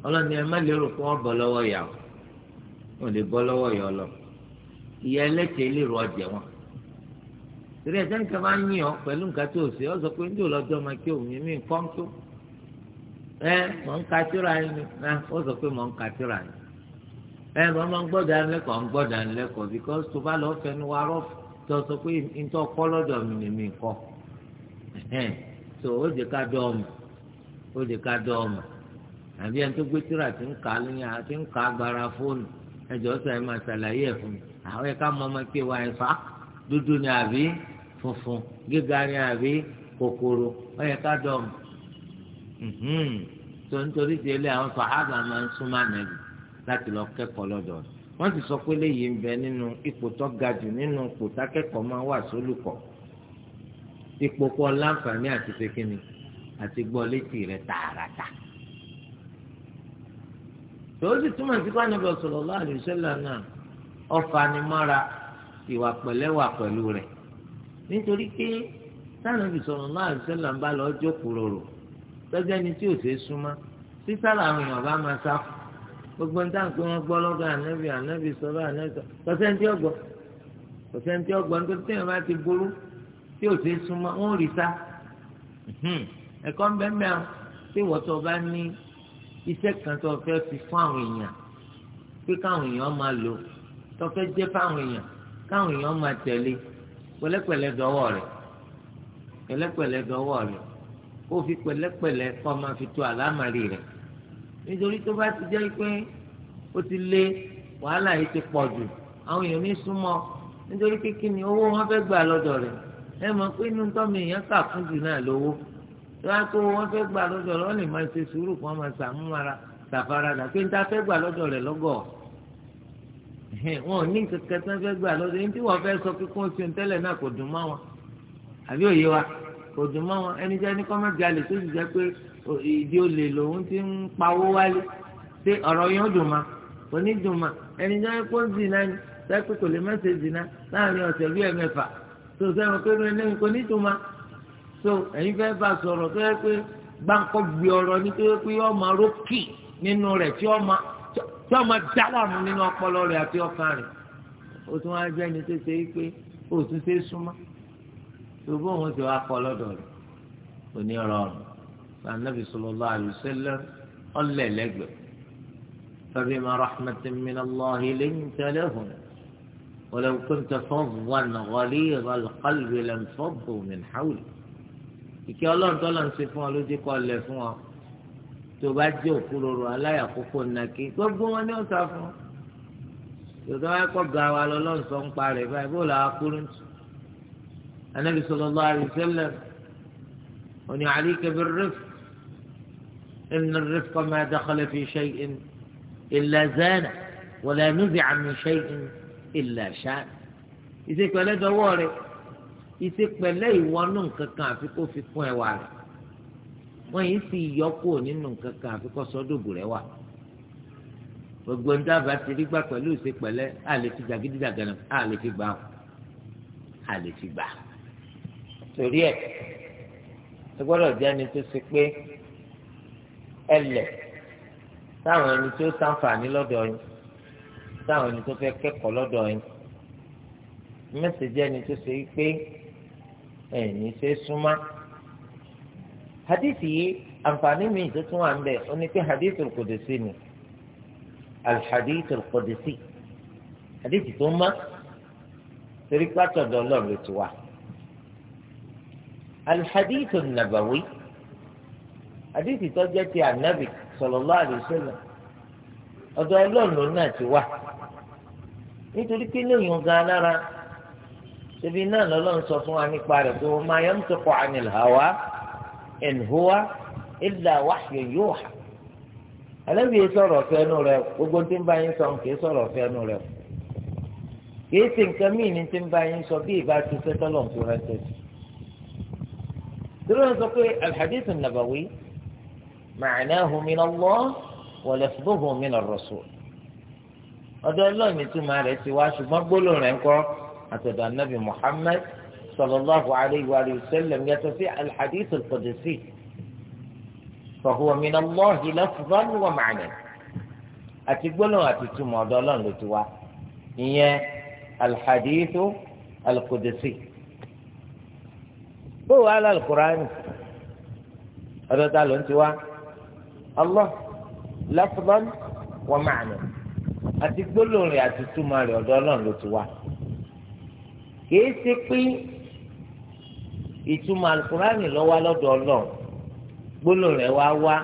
ọlọ́ni ẹ má lérò pé wọ́n bọ́ lọ́wọ́ ìyá o wọ́n lè bọ́ lọ́wọ́ ìyá ọlọ́ ìyá ẹlẹ́tẹ̀ lè rọ ọjẹ́ wọn. torí ẹ̀sẹ̀ nǹkan máa ń yìn ọ́ pẹ̀lú nǹkan tó ṣe ọ́ sọ pé ní òlọ́jọ́ máa kí òun mi kọ́ ń tó ẹ mọ̀ ń ka síra yín ni ẹ ó sọ pé mọ̀ ń ka síra ah, yín ẹ mọ̀ ń gbọ́dọ̀ ànilẹ́kọ̀ọ́ ń gbọ́dọ̀ ànilẹ́kọ̀ọ́ because tó bá lọ́ọ́ fẹnu wa rọ́ tó sọ pé ntọ́ kọ́ lọ́dọ̀ mi so ó jẹ́ ká dọ́ àbí ẹni tó gbé tíra ti ń kà á lóyún àti ń kà á gbára fóònù ẹjọ sọ ẹ máa ṣàlàyé ẹ fún mi àwọn ẹ ká mọ ọmọ pé wà ẹ fà dúdú ni àbí funfun gíga ni àbí kòkòrò ó yẹ ká dọ̀ mọ́ tó nítorí ti ilé àwọn sàhábà máa ń súnmọ́ ànábì láti lọ kẹ́kọ̀ọ́ lọ́dọ̀ wọ́n ti sọ pé léyìí ń bẹ nínú ipò tó ga jù nínú ipò tákẹ́kọ̀ọ́ máa wà sólùkọ́ ipò kọ́ láǹfààní àti pékinni àti gbọ́ létí rẹ̀ tààràtà. Ta tó sì túmọ̀ sí pàǹdàbọ̀ sallallahu alaihi wasallam náà ọ̀fà ni mọ́ra ìwà pẹ̀lẹ́wà pẹ̀lú rẹ̀ nítorí pé sànàbì sallallahu alaihi wasallam ń bá lọ jókòó rorò lọ́jọ́ ẹni tí ò ṣe é súnmọ́ sísàlà àwọn èèyàn bá máa sá gbogbo ń dáhùn pé wọ́n gbọ́ lọ́gọ́ ànábì ànábì sọ́lá ànábì kọ́sẹ́ntì ọgbọ́n kọ́sẹ́ntì ọgbọ́n nítorí tí èèyàn bá iṣẹ́ kan tó fẹ́ fi fún àwọn èèyàn pé káwọn èèyàn máa lò tó fẹ́ jẹ́ fáwọn èèyàn káwọn èèyàn máa tẹ̀lé pẹ̀lẹ́pẹ̀lẹ́ dọ́wọ́ rẹ̀ pẹ̀lẹ́pẹ̀lẹ́ dọ́wọ́ rẹ̀ kó fi pẹ̀lẹ́pẹ̀lẹ́ kọ́ máa fi tó àlámàrí rẹ̀ nítorí tó bá ti jẹ́ pé ó ti lé wàhálà yìí ti pọ̀ jù àwọn èèyàn ní súnmọ́ nítorí pé kí ni owó wọn fẹ́ gbà lọ́dọ̀ rẹ̀ ẹ mọ̀ pé inú tọ́mi èèyàn kà fún jù náà lówó wọ́n á kó wọ́n fẹ́ gbà lọ́dọ̀ rẹ̀ wọ́n lè máa ṣe sùúrù pé ta fẹ́ gbà lọ́dọ̀ rẹ lọ́gọ̀ wọn ò ní kẹ̀kẹ́ tí wọ́n fẹ́ gbà yìí tí wọ́n fẹ́ sọ pé kó tẹ́lẹ̀ náà kò dùn wọn àbí òye wa kò dùn wọn ẹni ní tó sì pé ìdí olè ma kò zina ni kò lè láàrin so ẹ̀yin fẹ́ bá sọ̀rọ̀ tó yẹ pé gbáǹkọ́ gbé ọ̀rọ̀ ní tó yẹ pé yọ máa rókì nínú rẹ̀ tí ọmọ tí ọmọ dá láàmú nínú ọpọlọ rẹ̀ àti ọkàn rẹ̀ o tún wá jẹ́ ẹni tó ṣe é pé o tún ṣe é súnmọ́ ṣùgbọ́n òun ti wá kọ́ lọ́dọ̀ rẹ̀ òní ọ̀rọ̀ ọ̀rọ̀ sànàbì sallallahu alaihi wasallam ọ̀lẹ̀ lẹ́gbẹ̀ẹ́ fabima rahmatin min Allahi linta lahum wa law kunta faddan ghalidha al-qalbi lanfaddu min hawlik. ìkẹ́ ọlọ́run tọ́lọ̀ ń ṣe fún ọ ló dé kọ́ lẹ̀ fún ọ òkúròrò bá jẹ́ òkúròrò aláyàkókò nàkí gbogbo wọn ni ó sá fún ọ tòtò wáyé kọ́ ga wa lọ lọ́lọ́run sọ ń parẹ́ báyìí bó làá kúrú tù anabi sallallahu alaihi wasallam oní alayka bir-rifq inna ar-rifqa ma dakhala fi shay'in illa zana wa la nuzi'a min ilẹ̀ illa shana dọ́wọ́ rẹ̀. ìsepẹ̀lẹ́ ìwọ́nú nǹkan kan àfi kó fi kún ẹwà rẹ̀ wọ́n yìí sì yọkù nínú nǹkan kan àfi kó sọ́dọ̀bù rẹ̀ wà gbogbo ń dábàá ti rí gbà pẹ̀lú ìsepẹ̀lẹ́ a lè fi jàgídíjàgànà a lè fi gbà a lè fi gbà torí ẹ̀ ẹ gbọ́dọ̀ jẹ́ ẹni tó ṣe pé ẹlẹ̀ táwọn ẹni tó ṣàǹfààní lọ́dọ̀ yín táwọn ẹni tó fẹ́ kẹ́kọ̀ọ́ lọ́dọ̀ yín mẹ́sẹ̀jẹ́ ẹni tó ṣe pé ẹ̀ ní ṣe súnmá. hadithi yìí àǹfààní mi tó tún wà ń bẹ̀ ó ní pé hadith al-Qudsi ni al-hadith al-Qudsi hadithi tó má torí pátọ̀dọ̀ ọlọ́run ló ti wà. al-hadith an-nabawi hadithi tó jẹ́ ti anabi sallallahu alaihi wasallam ọ̀dọ̀ ọlọ́run náà ti ṣebí náà lọ́lọ́run sọ fún wa nípa rẹ̀ pé wa ma yantiqu anil hawa in huwa illa wahyu yuha alẹ́bí yìí sọ̀rọ̀ fẹ́nu rẹ̀ gbogbo tí ń bá yín sọ kì í sọ̀rọ̀ fẹ́nu rẹ̀ kì í sì nǹkan míì ní tí ń bá yín sọ bí ìbá ti fẹ́ tọ́lọ̀ ń kúrẹ́ tẹ̀sí. dúró ń sọ pé alhadith nabawi ma'nahu min Allah wa lafdhuhu min ar-rasul àtọ̀dọ̀ anabi muhammed sallallahu alayhi wa sallam yàtọ̀ sí alhadith alqudsi fahuwa min allahi lafzan wa ma'nan àti gbólóhùn àti túmọ̀ ọ̀dọ̀ ọlọ́run ló ti wá ìyẹn alhadith alqudsi bó wàá lọ alukur'ani ọ̀dọ̀ ta ló ń ti wá allah lafzan wa ma'nan àti gbólóhùn rẹ̀ àti túmọ̀ rẹ̀ ọ̀dọ̀ ọlọ́run ló ti wá kìí ṣe pé ìtumọ̀ alukurani lọ́wọ́ lọ́dọ̀ ọlọ́run gbólóhùn rẹ̀ wá wá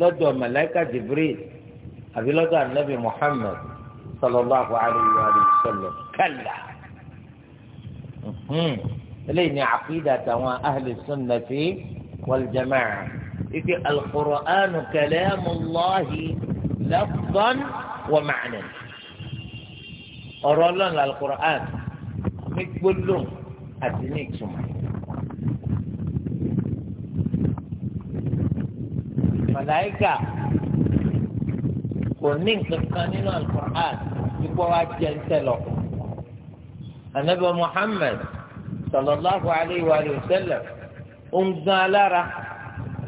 lọ́dọ̀ màláíkà jibril àbí lọ́dọ̀ anabi muhammad sallallahu alayhi wa sallam kàlá eléyìí ni àkídà tàwọn ahli sunnati wal jamaa ike alukurani kalamullahi lafdan wa ma'nan ọ̀rọ̀ ọlọ́run alukurani ní gbólóhùn àti ní ìtumọ̀. màláìkà kò ní nǹkan kan nínú alukur'an ipò wa jẹ́ ńsẹ̀ lọ. anabi muhammed sallallahu alayhi wa sallam ń gan alára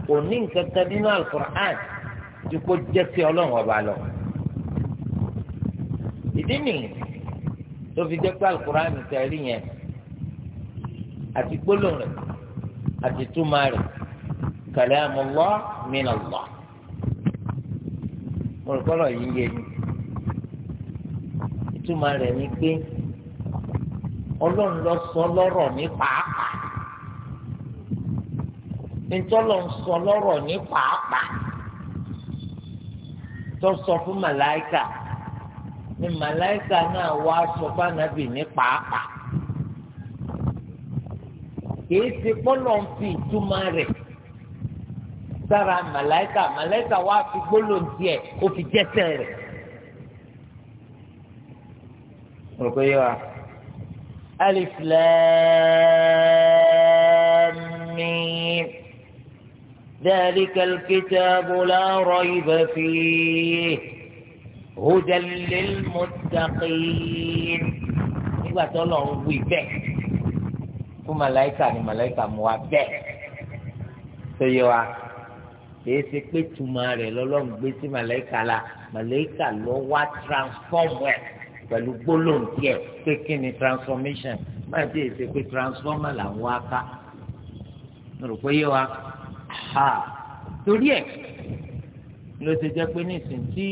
kò ní nǹkan kan nínú alukur'an ipò jẹ́ sí ọlọ́run ọba lọ. ìdí nìyí tó fi jẹ́ pé alukur'an tẹ̀ rí yẹn àti gbólóhùn rẹ̀ àti túmọ̀ rẹ̀ kalamullah minallah olùkọ́lọ̀ yìí yé mi ìtumọ̀ rẹ̀ ni pé ọlọ́run lọ sọ lọ́rọ̀ ní pàápàá ntọ́lọ̀ ń sọ lọ́rọ̀ ní pàápàá tó sọ fún màláìkà ni màláìka náà wá aṣọ fànàbì ní pàápàá kìí ṣe pọ́nlọ́ ń fi ìtumọ̀ rẹ̀ sára màláìka màláìka wá fi gbólóǹtì ẹ̀ kó fi jẹ́sẹ̀ rẹ̀. mo rò pé yóò wá. alif lam mim ذلك الكتاب لا ريب فيه hudan lil muttaqin nígbà tó lọ ń wí bẹ́ẹ̀ fún màláìkà ni màláìkà mú wa bẹ́ẹ̀ tó yẹ wa kìí ṣe pé tuma rẹ̀ lọ́lọ́run gbé sí màláìkà la màláìkà lọ wá transform ẹ̀ pẹ̀lú gbólóhùn tiẹ̀ pé kí ni transformation máa ti ṣe pé transformer là ń wá ká rò pé yé wa ha torí ẹ̀ ló ti jẹ́ pé nísìnyí tí.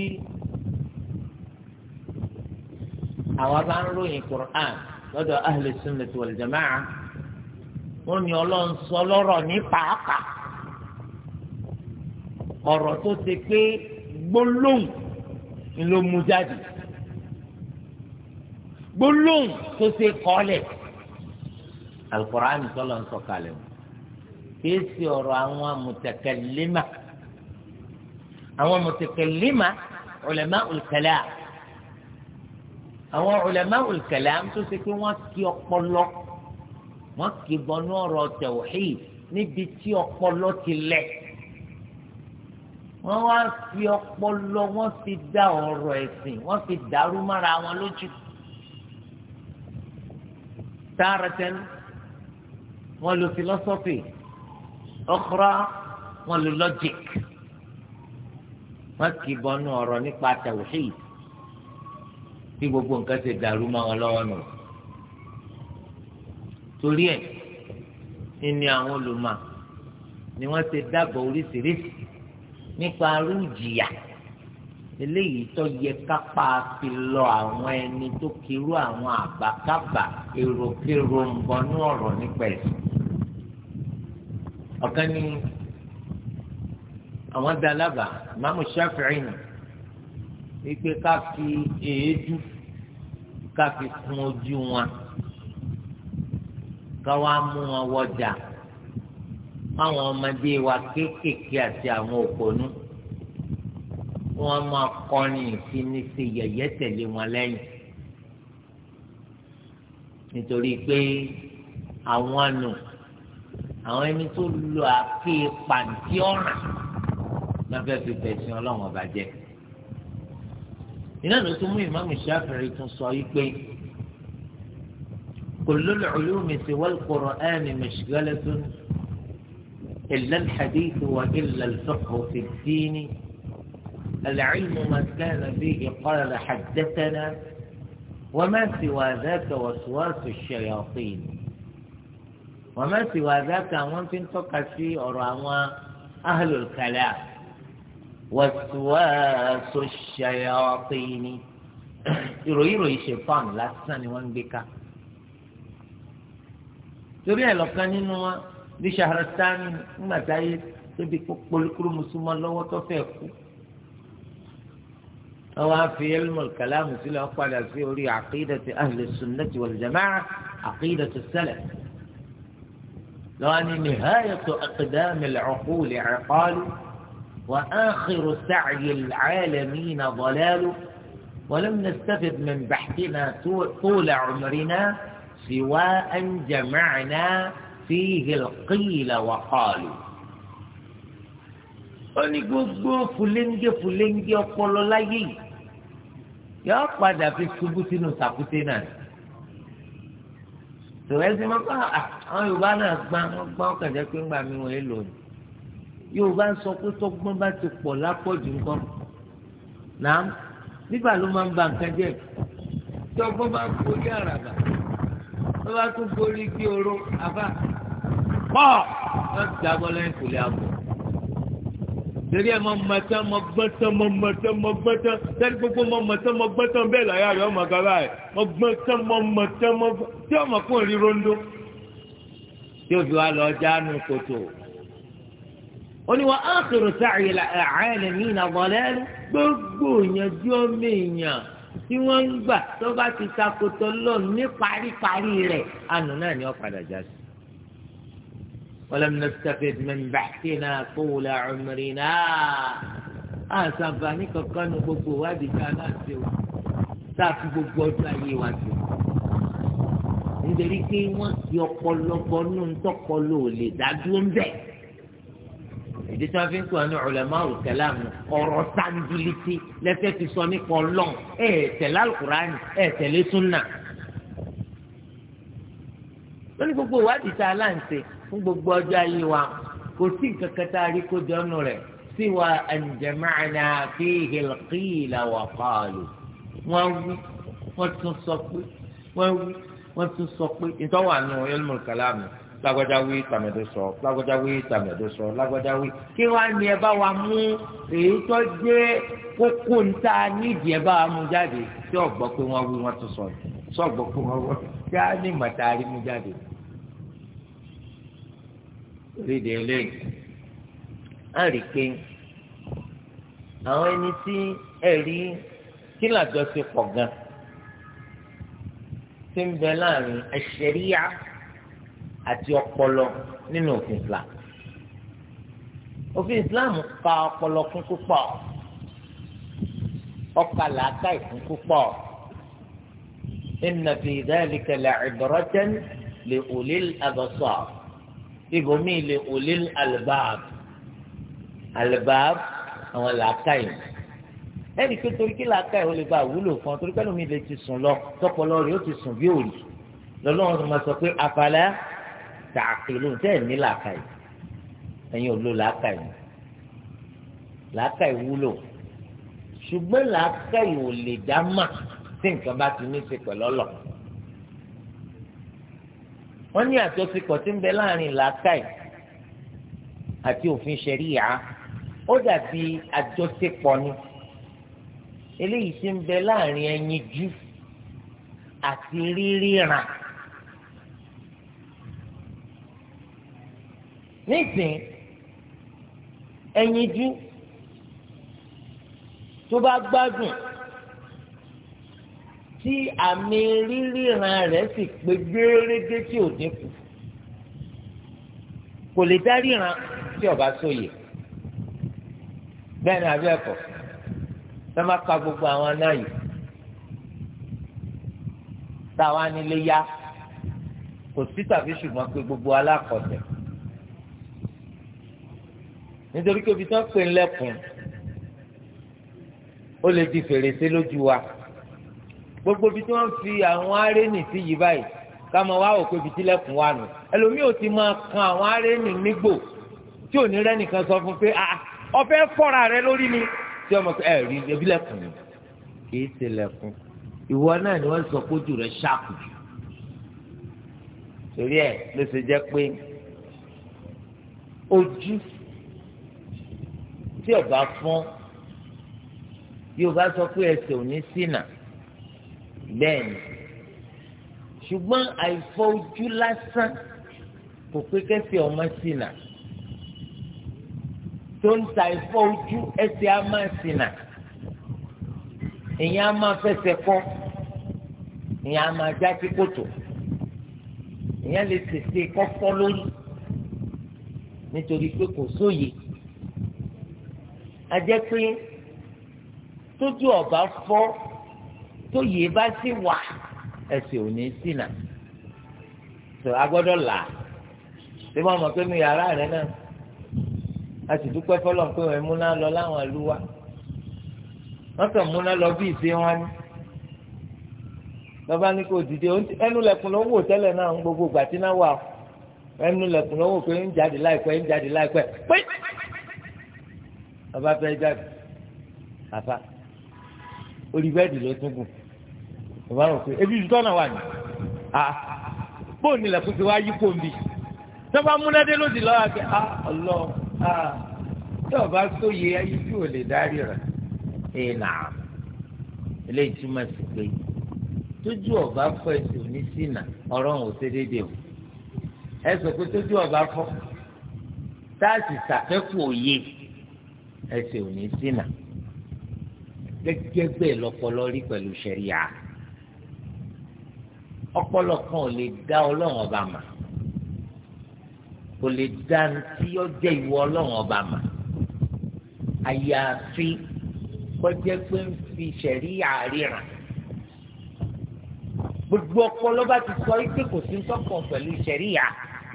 àwọn bá ń ròyìn Qur'an lọ́dọ̀ ahli sunnati wal jama'a wọ́n ní ọlọ́run sọ lọ́rọ̀ ní pàápàá ọ̀rọ̀ tó ṣe pé gbólóhùn ni ló mú jáde gbólóhùn tó ṣe kọ́lẹ̀ alukur'an sọlọ ń sọ̀kalẹ̀ o kìí ṣe ọ̀rọ̀ àwọn mùtẹ̀kẹ̀lẹ́mà àwọn mùtẹ̀kẹ̀lẹ́mà ulama al àwọn ulama'ul kalam tó ṣe pé wọ́n kí ọpọlọ wọ́n kì í bọnú ọ̀rọ̀ tawhid níbi tí ọpọlọ ti lẹ̀ wọ́n wá fi ọpọlọ wọ́n fi dá ọ̀rọ̀ ẹ̀sìn wọ́n fi dàrú mára wọn lójú tààràtẹ́n wọ́n lo philosophy ọkùrá wọ́n lo logic wọ́n kì í bọnú ọ̀rọ̀ nípa tawhid bí gbogbo nǹkan ṣe dàrú mọ́ wọn lọ́wọ́ nù. torí ẹ̀ ni àwọn olùmọ̀ ni wọ́n ṣe dábọ̀ oríṣiríṣi nípa arú ìjìyà eléyìí tó yẹ kápá fi lọ àwọn ẹni tó kiri àwọn àbákábà èròkérò ń bọnú ọ̀rọ̀ nípa ẹ̀sìn. ọ̀kan ni àwọn dalábà Ìmáàmù Ṣáfi'í nù wípé ká fi èédú ká fi kún ojú wọn ká mú wọn wọjà fáwọn ọmọdé wa kéékèèké àti àwọn òpònú wọn máa kọrin ìfini ṣe yẹ̀yẹ́ tẹ̀lé wọn lẹ́yìn nítorí pé àwọn nù àwọn ẹni tó lo àáké pàǹtí ọ̀ràn lọ́fẹ́ fi bẹ̀sìn ọlọ́run ọba jẹ́. iná ló tún mú ìmáàmù Ṣáfi'í tún sọ yìí pé lòlú mi ti kullul ulumi siwal Qur'ani mashghalatun illa al tó wa illa al-fiqh fi ad-din العلم ما كان فيه قال حدثنا وما سوى ذاك وسواس الشياطين وما سوى ذاك àwọn tí ń tọ́ka sí ọ̀rọ̀ àwọn ahlul kalam وسواس الشياطين يروي يرو الشيطان لا تساني وان بكا تريا لو كان ينوى بشهر الثاني وما تايد تبي كل كرو مسوم الله وتوفيق أو في علم الكلام في أقوال في أولي عقيدة أهل السنة والجماعة عقيدة السلف لأن نهاية أقدام العقول عقال وآخر سعي العالمين ضلاله ولم نستفد من بحثنا طول عمرنا سوى أن جمعنا فيه القيل وقالوا wọ́n ní gbogbo fúlẹ́ńgẹ́ fúlẹ́ńgẹ́ ọpọlọ láyé yìí yọ padà fi ṣubú sínú sàkúté náà tòwẹ́sì máa bá àwọn Yorùbá náà gbọ́n gbọ́n kẹ̀jẹ́ pé ńgbà mi wọ́n yé lòdì yóò bá ń sọ pé tọ́gbọ́n bá ti pọ̀ lápọ̀jù nǹkan náà nígbà ló máa ń ba nǹkan jẹ́ tọ́gbọ́n bá gorí àràbà tó bá tún gorí bí oró àbá pọ̀ lọ dàgbọ́ lẹ́yìn kò lè àbọ̀ torí ẹ mọ mọtẹ mọ gbọtẹ mọ mọtẹ mọ gbọtẹ tẹni gbogbo mọ mọtẹ mọ gbọtẹ bẹ́ẹ̀ lọ yàrá ọmọ gàba ẹ mọ gbọtẹ mọ mọtẹ mọ tí ọmọ kò rí rondo tí òbí wa lọ jáánu kòtò oníwà áàkìrò sáàyè àárẹ̀ mi nà bọ̀lẹ́rù gbogbo ìyànjú ọmọ èèyàn tí wọ́n ń gbà tó bá ti takòtò lọ ní paríparí rẹ̀ àánú náà ni ó padà já sí. ولم نستفد من بحثنا طول عمرنا àṣàǹfààní kankan nu gbogbo ìwádìí ká náà ṣe o tá a fi gbogbo ọdún ayé wa ṣe nítorí pé wọ́n ti ọpọlọ bọnú ntọpọlọ ò lè dá dúró ń bẹ ìdí tí wọn fi ń pè wọn ní ulama'ul kalam ọ̀rọ̀ sandiliti lẹsẹ ti sọ nípa Ọlọ́run ẹ tẹ̀lé alukurani ẹ tẹ̀lé sunna lórí gbogbo ìwádìí tá a là ń ṣe fún gbogbo ọjọ́ ayé wa kò sí nǹkan kan tá a rí kó dánú rẹ̀ síwa an jama'na fihi al-qila wa qalu wọ́n wí wọ́n tún sọ pé wọ́n wí wọ́n tún sọ pé ìtọ́wà nù ilmul kalam mi lágbájá wí tàmẹ̀dó sọ lágbájá wí tàmẹ̀dó sọ lágbájá wí kí wọ́n á ní ẹ bá wa mú èyí tó jẹ́ kókó níta nídìí ẹ bá wa mú jáde tí ò gbọ́ pé wọ́n wí wọ́n tún sọ tí ò gbọ́ pé wọ́n wọ́n tí á ní màtàrí mú jáde. lédè eléyìí á rí pé àwọn ẹni tí ẹ̀rí kí làjọ ti pọ̀ gan ti ń bẹ láàrin ẹ̀ṣẹ̀ríyà àti ọpọlọ nínú òfin islam òfin islam ka ọpọlọ kún púpọ̀ ọkà làákà ìkún púpọ̀ inna fi dhalika la'ibratan li ulil absar ibòmí li ulil albab albab àwọn làákà yìí ẹnì pé torí kí làákà yìí ó lè bá àwúlò fún ọ torí pẹ́lú mi lè ti sùn lọ tọpọlọ rẹ̀ ó ti sùn bí òòlù lọ́lọ́run ti máa sọ pé àfàlẹ́ tààkìlù tẹ́ ẹ̀ ní làákàyè ẹ̀yin ò lo làákàyè làákàyè wúlò ṣùgbọ́n làákàyè ò lè dá mà tí nǹkan bá ti ní í ṣe pẹ̀lú ọlọ. wọ́n ní àjọṣepọ̀ tí ń bẹ láàrin làákàyè àti òfin ṣẹ̀ríyà ó dàbí àjọṣepọ̀ ni eléyìí tí ń bẹ láàrin ẹyinjú àti ríríran. nísìn ẹyinjú tó bá gbádùn tí àmì ríríran rẹ̀ sì pé gbérégbé tí ò dínkù kò lè dá ríran tí ọba sóye bẹ́ẹ̀ ni àbí ẹ̀kọ́ fẹ́ má ka gbogbo àwọn náà yìí táwa nílé yá kò sí tàbí ṣùgbọ́n pé gbogbo alákọ̀ọ́tẹ̀ nítorí pé ibi tí wọ́n pè ń lẹ́kùn ó lè di fèrèsé lójú wa gbogbo ibi tí wọ́n fi àwọn arénì sí yìí báyìí ká máa wá òkú ibi tí lẹ́kùn wà nù ẹlòmíì ò ti máa kan àwọn arénì nígbò tí ò ní rẹ́nìkan sọ fún pé ọ̀fẹ́ fọ́ra rẹ lórí ni tí ọmọ ẹ rí ẹbí lẹ́kùn ni kì í ṣe lẹ́kùn ìwọ náà ni wọ́n sọ pójú rẹ ṣáàpù jù torí ẹ ló ṣe jẹ́ pé ojú tí ọba fún yorùbá sọ pé ẹsẹ̀ ò ní ṣìnà bẹ́ẹ̀ ni ṣùgbọ́n àìfọ ojú lásán kò pé kẹ́sẹ̀ ọmọ ṣìnà tó ń ta àìfọ ojú ẹsẹ̀ á máa ṣìnà èyàn á máa fẹsẹ̀ kọ́ èyàn á máa já sí kòtò èyàn lè tètè kọ́kọ́ lórí nítorí pé kò sóye. So ajẹ́ pé tójú ọba fọ́ tóyè bá sì wà ẹsẹ̀ ò ní ṣìnà tó a gbọ́dọ̀ là ṣé wọ́n mọ̀ pé mi yàrá rẹ náà a sì dúpẹ́ fọlọ́ pé wọ́n múná lọ láwọn ìlú wa wọ́n kàn múná lọ bí ìṣe wọn ni lọ́ba ní kò dìde ẹnu lẹ̀kùn ló ń wò tẹ́lẹ̀ náà gbogbo ìgbà tí náà wà ẹnu lẹ̀kùn ló ń wò pé ń jáde láìpẹ́ ń jáde láìpẹ́ pé ọba fẹ́ jáde àfa orí bẹ́ẹ̀dì ló tún gùn ọba rò pé ebi ìdútọ́ náà wà ní a ah, bóun ni lẹ́kùn ti wá yí kó nbí sọba múnádé ló sì lọ́wọ́ àti ah, a ah, tí ọba sóye ayé tí ò lè dárí rẹ̀ ẹ̀ nà eléyìí túmọ̀ sí pé tójú ọba fọ ẹsẹ̀ òní sínà ọ̀rọ̀ ò ṣe déédéé o ẹ sọ pé tójú ọba fọ táàsì sàfẹ́kù òye ẹsẹ̀ ò ní ṣìnà gẹ́gẹ́ bẹ́ẹ̀ lọ́pọlọ rí pẹ̀lú ṣẹ̀ríà ọpọlọ kan ò lè dá ọlọ́run ọba mà kò lè dá tí ó jẹ́ ìwọ ọlọ́run ọba mà àyàfi kọjá pé ń fi ṣẹ̀ríà ríran gbogbo ọpọlọ bá ti sọ pé kò sí ń tọkàn pẹ̀lú ṣẹ̀ríà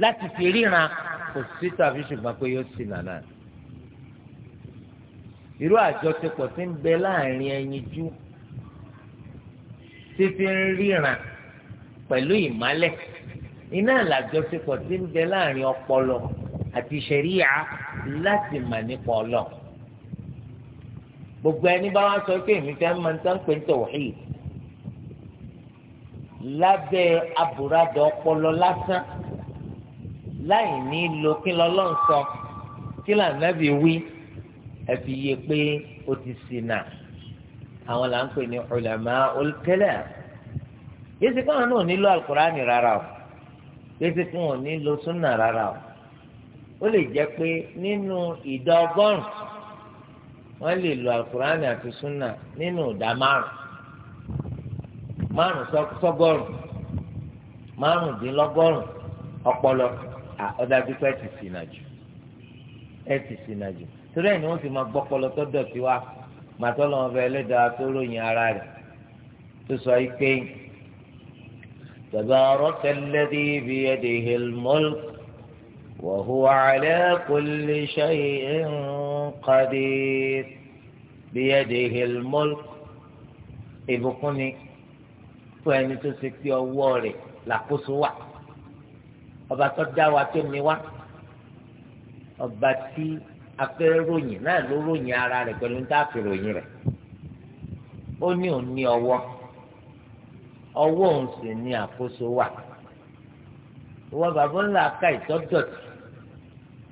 láti fi ríran kò sí tàbí ṣùgbọ́n pé yóò sì nànà irú àjọṣepọ̀ tí ń bẹ láàrin ẹyinjú títí ń ríran pẹ̀lú ìmálẹ̀ iná làjọṣepọ̀ tí ń bẹ láàrin ọpọlọ àti ṣẹ̀ríyà láti mà nípa ọlọ gbogbo ẹni bá wá sọ pé èmi fẹ́ máa ń tán pé ń tọ̀wọ̀hì lábẹ́ àbùradà ọpọlọ lásán láì ní lo kí lọ́lọ́ sọ kí làǹdàbí wí. ẹ fi yé pé o ti ṣìnà àwọn là ń pè ní ulama'ul kalam yéésì káwọn náà nílò alukurani rárá o yéésì káwọn nílò súnà rárá o ó lè je pé nínú ìdá ọgọ́rùn wọ́n lè lo alukurani àti súnà nínú ìdá márùn márùn sọgọ́rùn márùndínlọ́gọ́rùn ọpọlọ ọdájú pé ẹ ti na jù ẹ ti na jù torí ẹ̀ ni wọ́n ti máa gbọ́pọlọ tó dọ̀tí wa màtọ́lọ́ wọn bẹ ẹlẹ́dàá tó ròyìn ara rẹ̀ tó sọ yìí pé tabaraka alladhi biyadihi al-mulk wa huwa ala kulli shay'in qadir biyadihi al-mulk ìbùkún ni fún ẹni tó ṣe pé ọwọ́ rẹ̀ làkóso wà ọba tó dá wa tó ní wa ọba tí afẹ́ ròyìn náà ló ròyìn ara rẹ̀ pẹ̀lú ní táàfin ròyìn rẹ̀ ó ní òun ní ọwọ́ ọwọ́ òun sì ní àkóso wà ìwọ bàbá ńlá ká ìtọ́dọ̀tì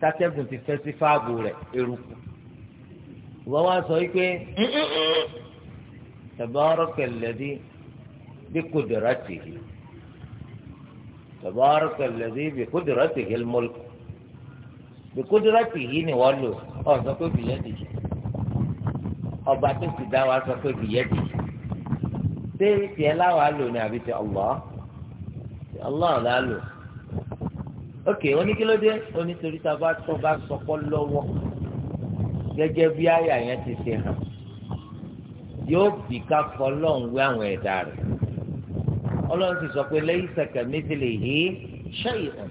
tátẹ́gùn ti fẹ́ sí fáàbù rẹ̀ eruku ìwọ wá sọ wípé tabaraka alladhi bi qudratihi tabaraka alladhi bi qudratihi al-mulk bìkúdúrọ́tì yìí ni wọ́n lò ọ̀ sọ pé bìyẹ́ ti jù ọba tó sì dá wa sọ pé bìyẹ́ ti jù ṣé tiẹ̀ láwa lò ní àbí ti Allah ti Allah là lò ok oníkílódé onítorí tá a bá tọ́ bá sọpọ́ lọ́wọ́ gẹ́gẹ́ bí àyà yẹn ti ṣe hàn yóò bì ká fọlọ́run wé àwọn ẹ̀dá rẹ̀ ọlọ́run ti sọ pé laysa kamithlihi shay'un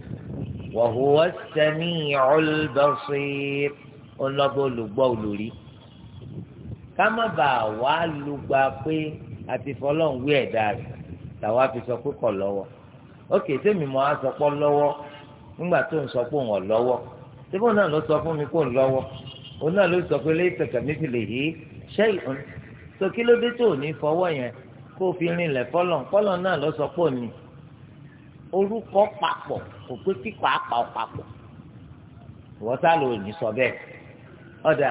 wàhùwà sẹ́mi ọ̀lbẹ̀sìn ọlọ́gbọ́n olùgbọ́ olórí ká má bàa wá lùgbà pé àti fọlọ́n wí ẹ̀dá rẹ̀ làwa fi sọ pé kọ̀ lọ́wọ́ ókè sẹ́mi mọ́ á sọ pọ́ lọ́wọ́ nígbà tó ń sọ pé òun ọ̀ lọ́wọ́ síbò náà ló sọ fún mi kó ń lọ́wọ́ òun náà ló sọ pé lẹ́sẹ̀ kàmí fi lè yí ṣẹ́ ìhun sọ kí ló dé tó ní fọwọ́ yẹn kó fi rinlẹ̀ fọlọ́n fọlọ́n náà ló sọ pé òun ni orúkọ papọ̀ kò pé kíkọ apá ọ papọ̀ ìwọ sá ló ní sọ bẹ́ẹ̀ ọ̀dà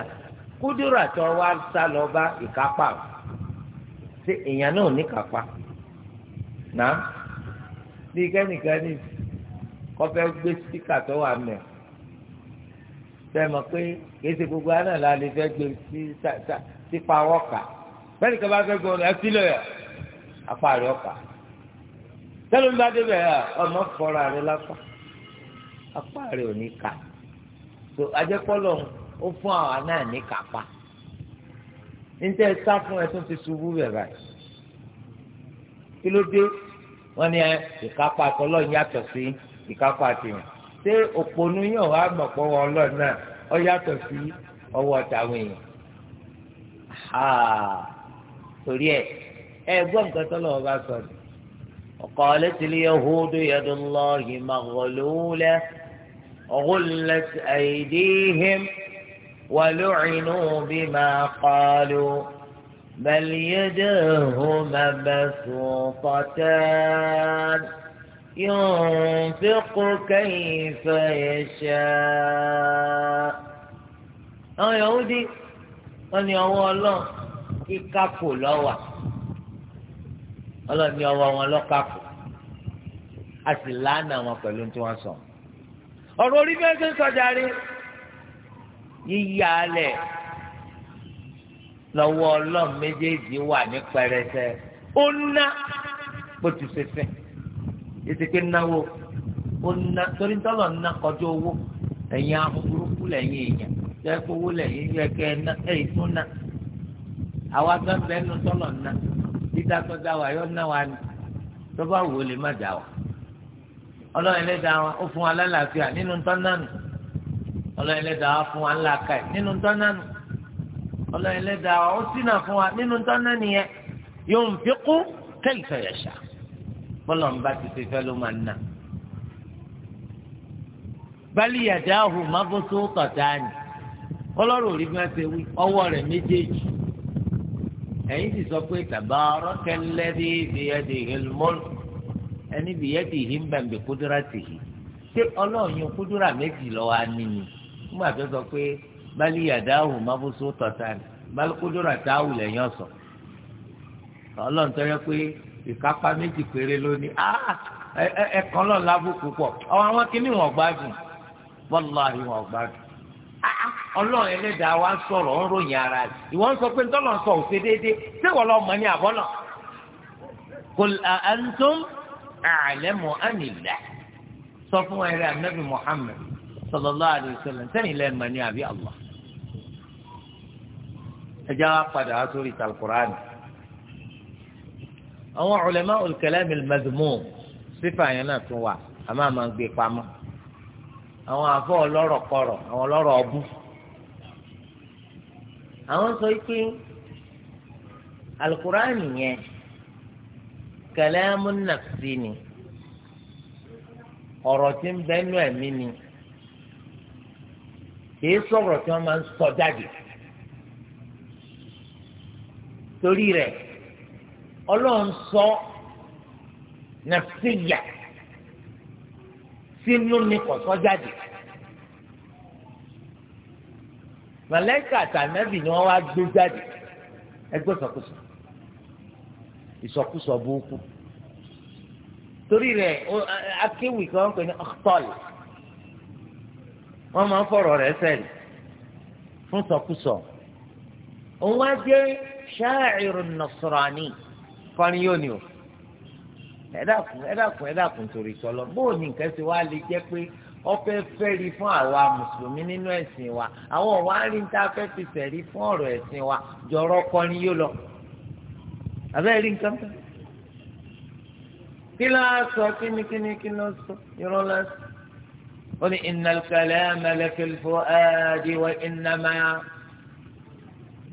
kúdúrà tó wá sá lọ bá ìkápá ṣé èèyàn náà ní kápá náà bí kẹ́nìkan ní kọ́fẹ́ gbé síkà tó wà mẹ́ sẹ́mi pé kìí ṣe gbogbo àná la lè fẹ́ gbé sí pawọ́ bẹ́ẹ̀ ni kí bá fẹ́ gbọ́ ẹ sílẹ̀ apá rẹ̀ tẹ́lẹ̀ ń bá débẹ̀ ọmọ fọ́ra rẹ lápá apá rẹ ò ní kà tó ajẹ́pọ́lọ̀ ó fún àwa náà ní kápá níta ẹ sá fún ẹ tó ti ṣubú bẹ̀ báyìí kí ló dé wọ́n ní ìkápá tọ́lọ́ yàtọ̀ sí ìkápá tìǹ ṣé òpònú yóò wá gbọ̀pọ̀ wọ ọlọ́run náà ọ yàtọ̀ sí ọwọ́ tàwọn èèyàn torí ẹ ẹ gbọ́ nǹkan tọ́lọ́ wọn bá sọ ni. وقالت اليهود يد الله مغلولة غلت أيديهم ولعنوا بما قالوا بل يداه مبسوطتان ينفق كيف يشاء àwọn يهودي wọn ni الله ọlọ́run kíkà ọlọ́ọ̀ni ọwọ́ wọn lọ́kàkù a sì lánàá wọn pẹ̀lú tí wọ́n sọ. ọ̀rọ̀ orí bí wọ́n ti ń sọjà yíyá alẹ̀ lọ́wọ́ ọlọ́run méjèèjì wà ní pẹrẹsẹ ó ná bó ti ṣe fẹ́ ètò pé náwó ó ná torí tọ́lọ̀ ná kọjú owó ẹ̀yin ahun lẹ́yìn èèyàn jẹ́ lẹ́yìn ẹlẹ́dàá tó dá wa yọ ná wa ni tó bá lè má dá wa ọlọ́run ẹlẹ́dàá wa ó fún wa lálàáfíà nínú tọ́nánù ọlọ́run ẹlẹ́dàá wa fún wa ńlá káì nínú ọlọ́run wa ó ti fẹ́ ló máa bali ọlọ́run ò rí bí ẹ̀yin si sọ pé tabaraka alladhi biyadihi al-mulk ẹni biyadihi ń bẹ̀ ń bẹ̀ qudratihi ṣé ọlọ́run kúdúrà méjì lọ́wọ́ á ní tó sọ pé bali yadahu mabsuṭatan bal qudratahu lẹ́yìn ọ̀sọ̀ yẹ pé ìkápá méjì péré lónìí àwọn kìnnìún ọ̀gbádùn ọlọ́run ẹlẹ́dàá wa ń sọ̀rọ̀ ń ròyìn ara rẹ̀ ìwọ ń sọ pé ntọ́lọ̀ ń sọ òsè déédéé ṣé wọ́n lọ mọ̀ ní àbọ́nà. kul antum a'lamu anillah sọ fún wa ẹrẹ anabi muhammed sallallahu alayhi wa sallam sẹ́ni ilẹ̀ mọ̀ ní àbí allah. ẹ já wa padà wá sórí talkurani. àwọn ulama al-kalam al sífà yẹn náà tún wà àmọ́ àmọ́ gbé pamọ́ àwọn àfọ ọlọ́rọ̀ kọ̀rọ̀ àwọn ọlọ́rọ̀ ọbú àwọn sọ pé alukuraani yẹn kalamun nafsi ni ọ̀rọ̀ tí ń bẹ́nu ẹ̀mí ni kìí sọ̀rọ̀ tí wọ́n máa ń sọ jáde torí rẹ̀ ọlọ́run sọ nafsiya sínú ni kò sọ jáde. màlẹ́kà àtànábì ni wọ́n wá gbé jáde ẹgbẹ́ ìsọkúsọ ìsọkúsọ burúkú torí rẹ̀ akéwì kan ń pè ní ọ̀tọ́lì wọ́n máa ń fọ̀rọ̀ rẹ̀ sẹ́lì fún ìsọkúsọ òun wá jẹ́ ṣáàìrù nọ̀sọ̀rọ̀ánì kọrin yóò ní o ẹ̀dàkùn ẹ̀dàkùn ẹ̀dàkùn torí sọlọ bóòní nǹkan ti wá lè jẹ́ pé ọfẹ fẹrí fún àwa mùsùlùmí nínú ẹ̀sìn wa àwọn ọwọ àríntà fẹ fi fẹrí fún ọ̀rọ̀ ẹ̀sìn wa jọrọ kọrin yóò lọ abẹ rí nǹkan bẹ kí ló sọ kíni kíni kí ló sọ irun lọ sí ó ní innal kalama lafil fuadi wa innama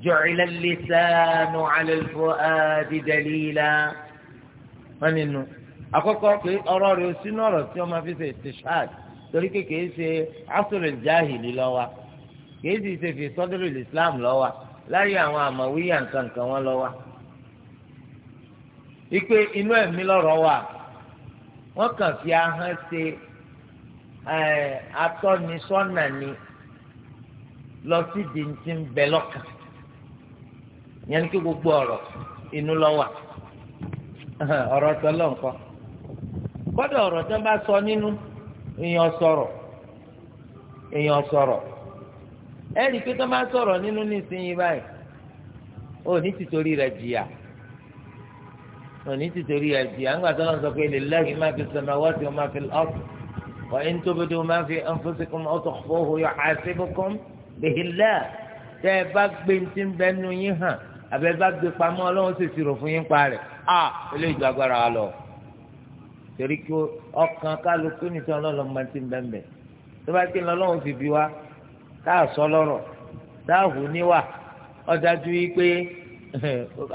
ju'ila al-lisanu 'ala al-fuadi dalila wọn nínú àkọ́kọ́ pé ọ̀rọ̀ rẹ̀ ò sínú ọ̀rọ̀ tí wọn máa fi ṣe ìtìṣáàdì torí pé kìí ṣe asọ̀rọ̀ jáhìlì lọ́wọ́ kìí sì ṣe fi sọ́dọ̀rọ̀ islam lọ́wọ́ láyé àwọn àmọ̀wíyà nǹkankan wọn lọ́wọ́. ipe inú ẹ̀mí lọ́rọ̀ wà wọ́n kàn fi ahọ́n ṣe atọ́nisọ́nà ni lọ sí dìntì ń bẹ lọ́kàn yẹn ní kí gbogbo ọ̀rọ̀ inú lọ́wọ́ ọ̀rọ̀ tọ́lọ́ nǹkan kọ́dọ̀ ọ̀rọ̀ tán bá sọ nínú èèyàn sọ̀rọ̀ èèyàn sọ̀rọ̀ ẹ rí i pé tó máa sọ̀rọ̀ nínú nísìnyí báyìí ò ní tìtorí rẹ̀ jìyà ò ní tìtorí rẹ̀ jìyà ńgbà tó lọ́n sọ pé lillahi ma fi samawati wa ma fi al-ard wa in tubdu ma fi anfusikum aw tukhfuhu yuhasibukum bihi Allah tẹ́ ẹ bá gbé ti ń bẹ́nu yín hàn àbẹ́ bá gbé pamọ́ ọlọ́run sì ṣírò fún yín parẹ́ à ah, eléyìí torí kí ọkàn kálukú nìkan ọlọ́run máa ti ń bẹ́ẹ̀ tó bá kí lọ́lọ́run fi bí wa táà sọ lọ́rọ̀ táà hù níwà ọ̀dájú yìí pé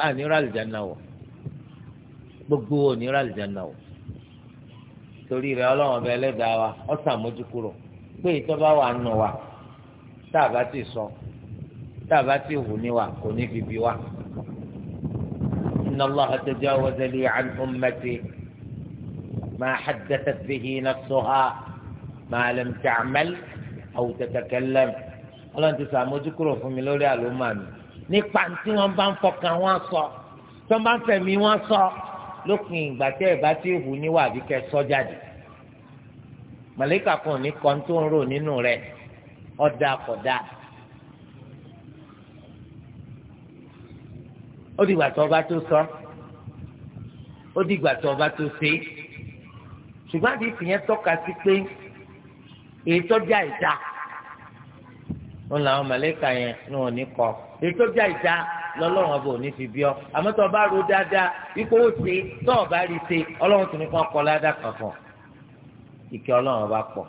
ànírà àlùjáná wọ̀ gbogbo ònírà àlùjáná wọ̀ torí rẹ̀ ọlọ́run ọba ẹlẹ́dàá wa ọ̀sàmójúkúrò pé ìtọ́ba wà nù wa táà bá ti sọ táà bá ti hù níwà kò ní fi bí wa. إن الله تجاوز لي عن أمتي ما حدثت به نفسها ما لم تعمل أو تتكلم ọlọ́run ti sàmójú kúrò fún mi lórí àlómà mi nípa tí wọ́n bá ń fọkàn wọn sọ tí wọ́n bá ń fẹ̀mí wọn sọ lópin ìgbà tẹ́ ẹ̀ bá ti hù níwà àbí kẹ́ sọ jáde màlíkà kan ní kan tó ń rò nínú rẹ̀ ọ̀dà kọ̀dà ó dìgbà tó ọba tó sọ ó dìgbà tó ọba tó ṣe é ṣùgbọ́n àti ìfìyẹn tọ́ka sí pé ètò já ìdá wọn làwọn mọ̀lẹ́kà yẹn ni wọn ní kọ ètò já ìdá lọ́lọ́run ọba ò ní fi bí ọ àmọ́ tó o bá ro dáadáa ipò ó ṣe tó o bá rí ṣe ọlọ́run tó ní kọ́ kọ́ ládàá kan fún ọ ìkẹ́ ọlọ́run ọba pọ̀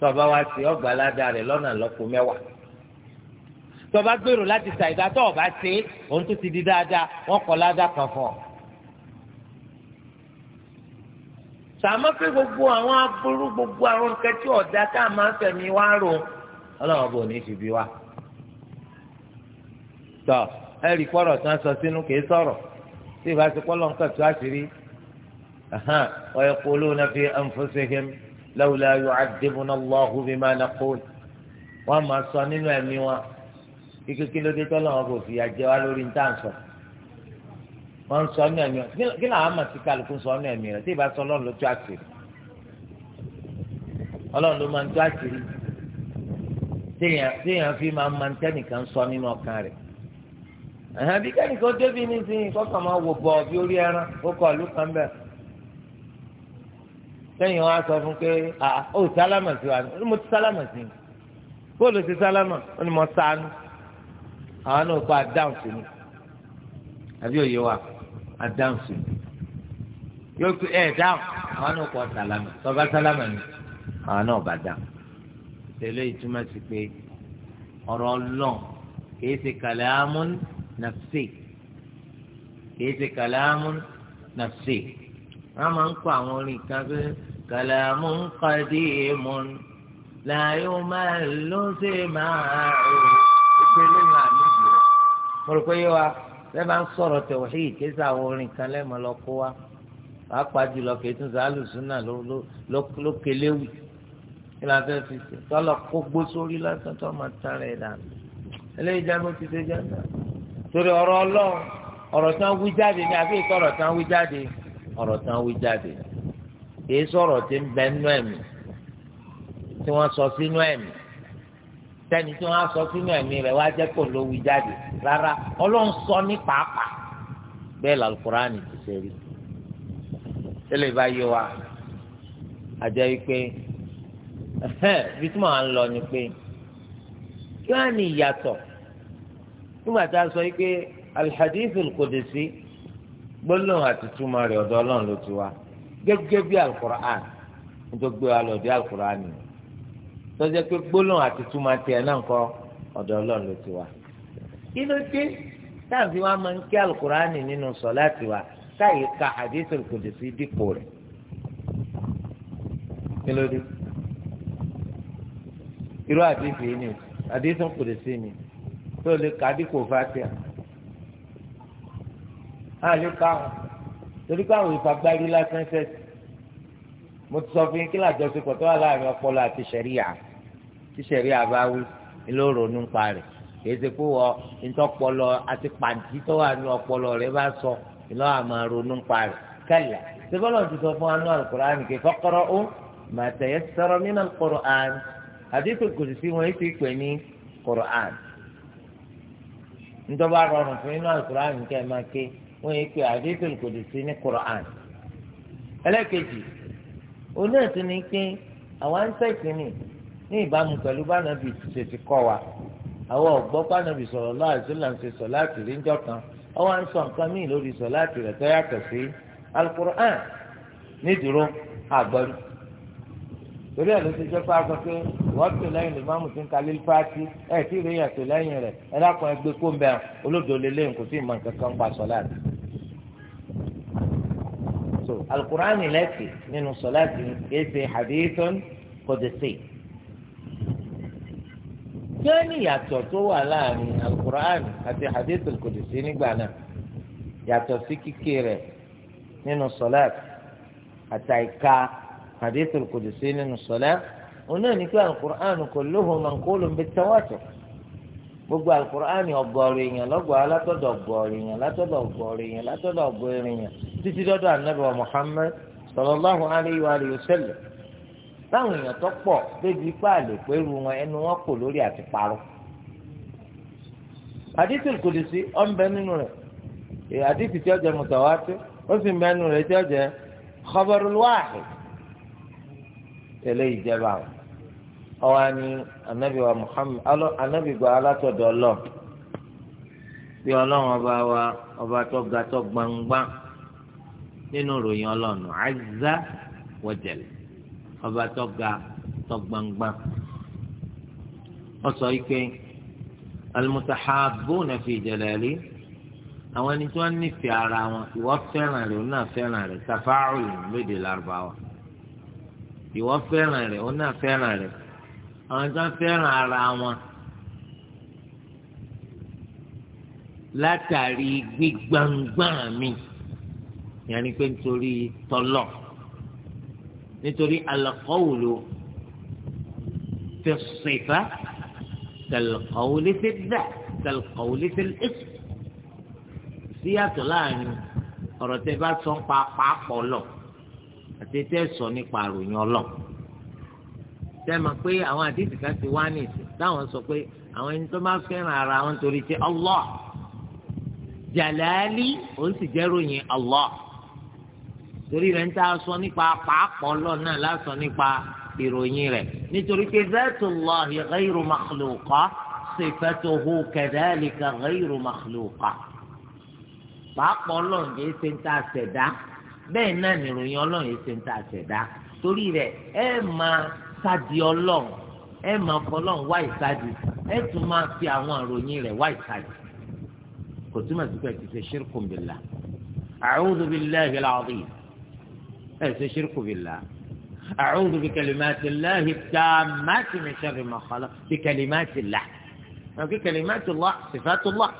tó o bá wá ṣe ọgbà ládàá rẹ̀ lọ́nà lọ́pọ̀ mẹ́wàá tó o bá gbèrò láti ṣàìdá tó o bá ṣe òun tó ti di dáadáa wọ́n kọ́ ládàá kan sàmọ́ pé gbogbo àwọn aburú gbogbo àwọn nǹkan tí ọ̀dà tá a máa ń fẹ̀mí wá rò ọlọ́run bò ní í fi bí wa. tọ́ ẹ rí pọ́rọ̀ tí wọ́n sọ sínú kìí sọ̀rọ̀ tí ìbá ti pọ́lọ́ nǹkan tó àṣírí wa yaquluna fi anfusihim lawla yu'adhibuna Allahu bima naqul wọ́n máa sọ nínú ẹ̀mí wọn kíkékí ló tọ́lọ́run bò fìyà jẹ wá lórí ní tá à ń sọ̀rọ̀ wọ́n ń sọ ní ẹ̀mí rẹ̀ kí ni. àmọ̀ sí kálukú sọ ní ẹ̀mí rẹ̀ tí ìbá sọ ọlọ́run ló tú àṣírí ọlọ́run ló máa ń tú àṣírí téèyàn fi máa máa ń tẹ́nìkan sọ nínú ọkàn rẹ̀ ẹ̀hán bí kẹ́nìkan débi ní sí kọ́kàn máa wò bọ̀ bí orí ẹran ó kọ̀ ọ̀lú kan bẹ̀ sẹ́yìn wá sọ fún pé ó sálámà sí wa mo ti sálámà sí i bóòlù ti sálámà ó ní mo sáánú àwọn náà kó a dáhùn sí mi àbí òye wa adáhùn sí i yóò tún ẹ dáhùn àwọn náà kọ sálámà tọba sálámà ni àwọn náà bá dáhùn tẹlẹ ìtumọ̀ sí pé ọ̀rọ̀ lọ́n kìí ṣe kàlámùn nàfṣe kìí ṣe kàlámùn nàfṣe wọ́n máa ń kọ́ àwọn orin kan pé kàlámùn qadimun làyò máa ló ṣe máa ó pé lóyún àmì mo rò pé yóò wá bẹ́ẹ̀ bá ń sọ̀rọ̀ tẹ̀wọ̀hì kéésì àwọn orin kan lẹ́mọ̀ lọ kó wa pàápàá jùlọ kẹ́tùn sàálù súnà ló kéléwì kí la fẹ́ fi ṣe tọ́lọ̀ kó gbó sórí lásán tó máa tán rẹ̀ dànù eléyìí jẹ́ bó ti ṣe jẹ́ náà torí ọ̀rọ̀ ọlọ́run ọ̀rọ̀ tán wí jáde ni àbí ìtọ́rọ̀ tán wí jáde ọ̀rọ̀ tán wí jáde kìí sọ̀rọ̀ tí ń bẹ nínú ẹ̀mí tí wọ́n sọ sínú ẹ̀mí sẹ́ni tí wọ́n á sọ sínú ẹ̀mí rẹ̀ wá jẹ́ kó ló wí jáde rárá ọlọ́run sọ ní pàápàá bẹ́ẹ̀ làlùkùránì ti ṣe rí tẹ́lẹ̀ bá yé wa àjẹ́ pé bí tí màá ń lọ ni pé kí wọ́n á ní ìyàtọ̀ nígbà tá a sọ pé alhadithul qudsi gbólóhùn àti túmọ̀ rẹ̀ ọ̀dọ̀ ọlọ́run ló ti wá gẹ́gẹ́ bí alukùránì nítorí gbé wa lọ bí alukùránì nìyẹn tọ́jà pé gbólóhùn àti túmọ̀ tiẹ̀ náà kọ́ ọ̀dọ̀ ọlọ́run ló ti wá. kí ló dé táàbí wa máa ń kí alukurani nínú sọ̀láàtì wa táyì ka hadithul qudsi dípò rẹ̀ kí ló dé irú àdìsí yìí ni hadithul qudsi ni tó lè ka dípò fatia á lè ka torí pé àwọn ìfagbárí lásán ṣẹ̀ṣẹ̀ mo ti sọ fún yín kí làjọṣepọ̀ tó wà láàrin ọpọlọ àti ṣẹ̀ríyà tíṣẹ̀rí àbáwí ló ronú pa rẹ̀ kì í ṣe pé wọ ntọ́pọlọ àti pàǹtí tó wà ní ọpọlọ rẹ̀ bá sọ ìlọ àmọ́ ronú pa rẹ̀ kẹlẹ̀ sẹ́fọ́lọ́ ti sọ fún anú alukur'an kì í fọ́kọ́rọ́ ó màá tẹ̀yẹ sọ̀rọ̀ nínú alukur'an àdìsí kùsùsì wọn ti pè ní kur'an ntọ́ba rọrùn fún inú alukur'an kẹ́ ẹ̀ máa ké wọ́n yẹ pé àdìsí kùsùsì ní kur'an ẹlẹ́kejì onáà tún ní pé àwọn ń sẹ́sìn nìyí ní ìbámu pẹ̀lú bánàbì ṣe ti kọ́ wa àwọn ọ̀gbọ́n bánàbì sọ̀rọ̀ láàrin tó là ń ṣe sọ̀ láti rí njọ́ kan ọwọ́ à ń sọ nǹkan míì lórí sọ̀ láti rẹ̀ tó yàtọ̀ sí alukur'an nídúró àgbọ̀rù torí ẹ̀ ló ti jẹ́ pé pé wọ́n tó lẹ́yìn lè máàmù tí ń ka lílí fáti ẹ̀ tí ìròyìn ẹ̀tọ́ lẹ́yìn rẹ̀ ẹ̀ lákùn ẹgbẹ́ kó ń so alukur'an lẹ́sìn nínú sọ̀láàtì kìí ṣe hadithun gan ni yàtọ̀ tó wà láàrin alukur'an àti hadithul kudusi nígbà náà yàtọ̀ sí kíké rẹ̀ nínú sọlẹ́t àti àyíká hadithul kudusi nínú sọlẹ́t onáà ní pé alukur'an kulluhu manqulun bit-tawatur gbogbo alukur'ani ọgọ́rin èèyàn lọgbọọ alátọ̀dọ̀ ọgọ́rin èèyàn látọ̀dọ̀ ọgọ́rin èèyàn látọ̀dọ̀ ọgọ́rin èèyàn títí dọdọ táwọn èèyàn tó pọ̀ débi ipá àlè pẹ̀lú wọn ẹnu wọn kò lórí àti parọ́ àdìsí kùdìsí ọ̀nbẹ nínú rẹ̀ àdìsí tí ó jẹ́ mùtàwátì ó sì mẹ́nu rẹ̀ tí ó jẹ́ khabarul wahid tẹ̀lé ìjẹba ọwọ́ ni anabi wa muhammed anabi gba alátọ̀dọ̀ ọlọ́ bí ọlọ́run ọba wa ọba tó ga tó gbangba nínú ìròyìn ọlọ́run azza wa ọba tọ́ga tọ́gbangban wọ́n sọ yìí pé al-mutahabbuna fi jalali àwọn ẹni tí wọ́n nífẹ̀ẹ́ ara wọn ìwọ fẹ́ràn rẹ̀ òun náà fẹ́ràn rẹ̀ tafa'ul lóde lárúbáwá ìwọ fẹ́ràn rẹ̀ òun náà fẹ́ràn rẹ̀ àwọn tí wọ́n fẹ́ràn ara wọn látàrí gbígbàngbàn mi yẹn ni pé nítorí tọ́lọ̀ nítorí alqawlu fi sifa kalqawli fi dhat kalqawli fi ism síyàtọ̀ láàrin ọ̀rọ̀ tẹ́ bá sọ pa pàápọ̀ lọ àti tẹ́ sọ nípa àròyìn ọlọ́ tẹ́ mọ̀ pé àwọn àdìsí kan ti wá ní ìsìn táwọn sọ pé àwọn ẹni tó bá fẹ́ràn ara wọn torí ti Allah jalali òun sì jẹ́ ròyìn Allah torí rẹ̀ ń tá a sọ nípa pàápọ̀ ọlọ́run náà lásán nípa ìròyìn rẹ̀ nítorí pé zatullahi ghayru makhluqa sifatuhu kadhalika ghayru makhluqa pàápọ̀ ọlọ́run yìí ṣe ń tá a ṣẹ̀dá bẹ́ẹ̀ náà nìròyìn ọlọ́run yìí ṣe ń tá a ṣẹ̀dá torí rẹ̀ ẹ máa ṣáàdì ọlọ́run ẹ máa fọlọ́run wá ìṣáàdì ẹ tún máa fi àwọn ìròyìn rẹ̀ wá ìṣáàdì kò túmọ̀ sí pé ẹ ṣe ṣírkùn billah a'udhu billahi al-azim ẹ ṣe ṣírkù billah a'udhu bi kalimati llahi tammati min sharri ma khalaq bi kalimati llah àwọn kí kalimati llah sifatu llah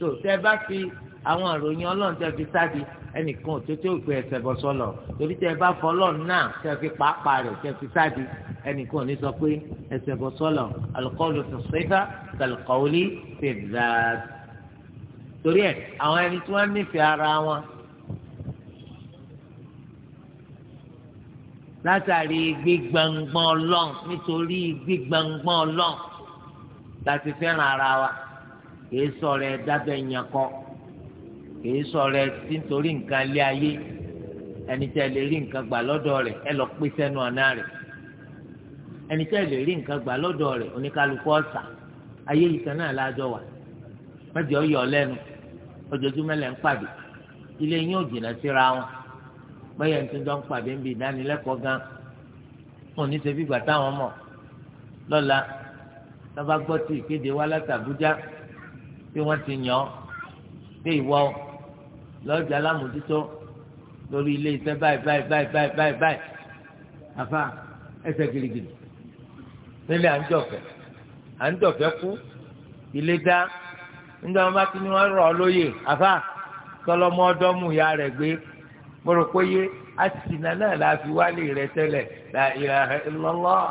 tó tẹ bá fi àwọn àròyìn ọlọ́run tẹ fi sáàdì ẹnìkan tó tó gbé ẹsẹ̀ bọ́ sọ́lọ̀ torí tẹ bá fọlọ́run náà tẹ fi pàápàá rẹ̀ tẹ fi sáàdì ẹnìkan ní sọ pé ẹsẹ̀ bọ́ sọ́lọ̀ alqawlu fi sifa kalqawli fi dhat torí ẹ àwọn ẹni tí wọ́n nífẹ̀ẹ́ ara wọn látàrí gbígbàngbọ́n ọlọ́run nítorí gbígbàngbọ́n ọlọ́run láti fẹ́ràn ara wa kìí sọ̀rọ̀ ẹ dábẹ́ yẹn kọ́ kìí sọ̀rọ̀ ẹ nítorí nǹkan lé ayé rí nǹkan gbà lọ́dọ̀ ẹ lọ pé sẹ́nu ọ̀nà rẹ̀ ẹni lè rí nǹkan gbà lọ́dọ̀ rẹ̀ oníkálukú ọ̀sà ayé náà lájọ wà mẹ́jọ yọ lẹ́nu ń pàdé ilé yín ò jìnnà síra bẹ́ẹ̀ ní tó ń pàdé ń bi ìdánilẹ́kọ̀ọ́ gan òní ṣe bí gbà táwọn mọ̀ lọ́la lọ́ba gbọ́ tí ìkéde wá láti Àbújá pé wọ́n ti yàn ọ́ pé ìwọ lọ́jà alámòjútó lórí ilé iṣẹ́ báyìí báyìí báyìí báyìí báyìí báyìí àfa ẹsẹ̀ girigiri nílẹ̀ à ń jọ̀fẹ́ à ń jọ̀fẹ́ kú ilé dá nígbà wọn bá ti ní wọn rọ̀ ọ́ lóyè àfa tọlọmọ ọdọ́mù ìyá rẹ̀ gbé mo rò pé yé àtìnà náà la fi wálé rẹ tẹ́lẹ̀ la ilaha illallah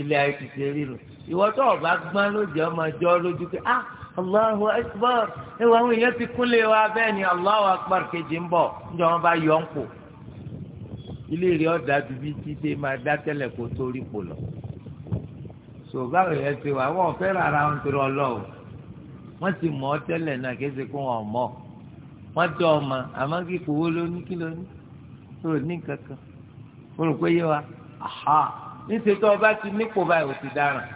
ilé ayé ti ṣe rí nu ìwọ tó ọba gbọ́n lójú ọmọ ẹjọ́ lójú pé ah allahu akbar ewu àwọn èèyàn ti kúnlẹ̀ wa bẹ́ẹ̀ ni allahu akbar kejì ń bọ̀ níjọ́ wọn bá yọ ń kù ilé rẹ ọ̀dà bíbí tí dé máa dá tẹ́lẹ̀ kó tó rí lọ so báwo ti wà wọn fẹ́ràn ara wọn torí ọlọ́wọ́ wọ́n ti mọ̀ ọ́ tẹ́lẹ̀ náà kí ẹ wọ́n tẹ ọmọ àmọ́ kí kò wó lóní kí lóní tó ní kankan mo rò pé yé wa aha níṣẹ́ tó ọba ti nípò báyìí ò ti dáràn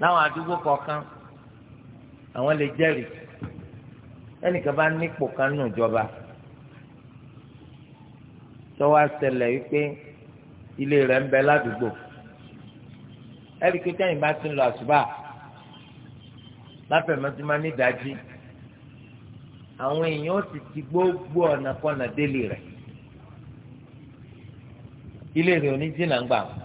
láwọn àdúgbò kọ̀ọ̀kan àwọn lè jẹ́rìí ẹnìkan bá nípò kan nù jọba tọ́wọ́ àṣẹlẹ̀ wípé ilé rẹ̀ ń bẹ ládùúgbò ẹ̀rí pé bá ti ń lọ àṣùbà láfẹ̀mọ́tìmá nídàájí. àwọn èèyàn ó ti ti gbogbo ọ̀nà kọ́nà délé rẹ̀ ilé rẹ̀ ò ní gbà wọn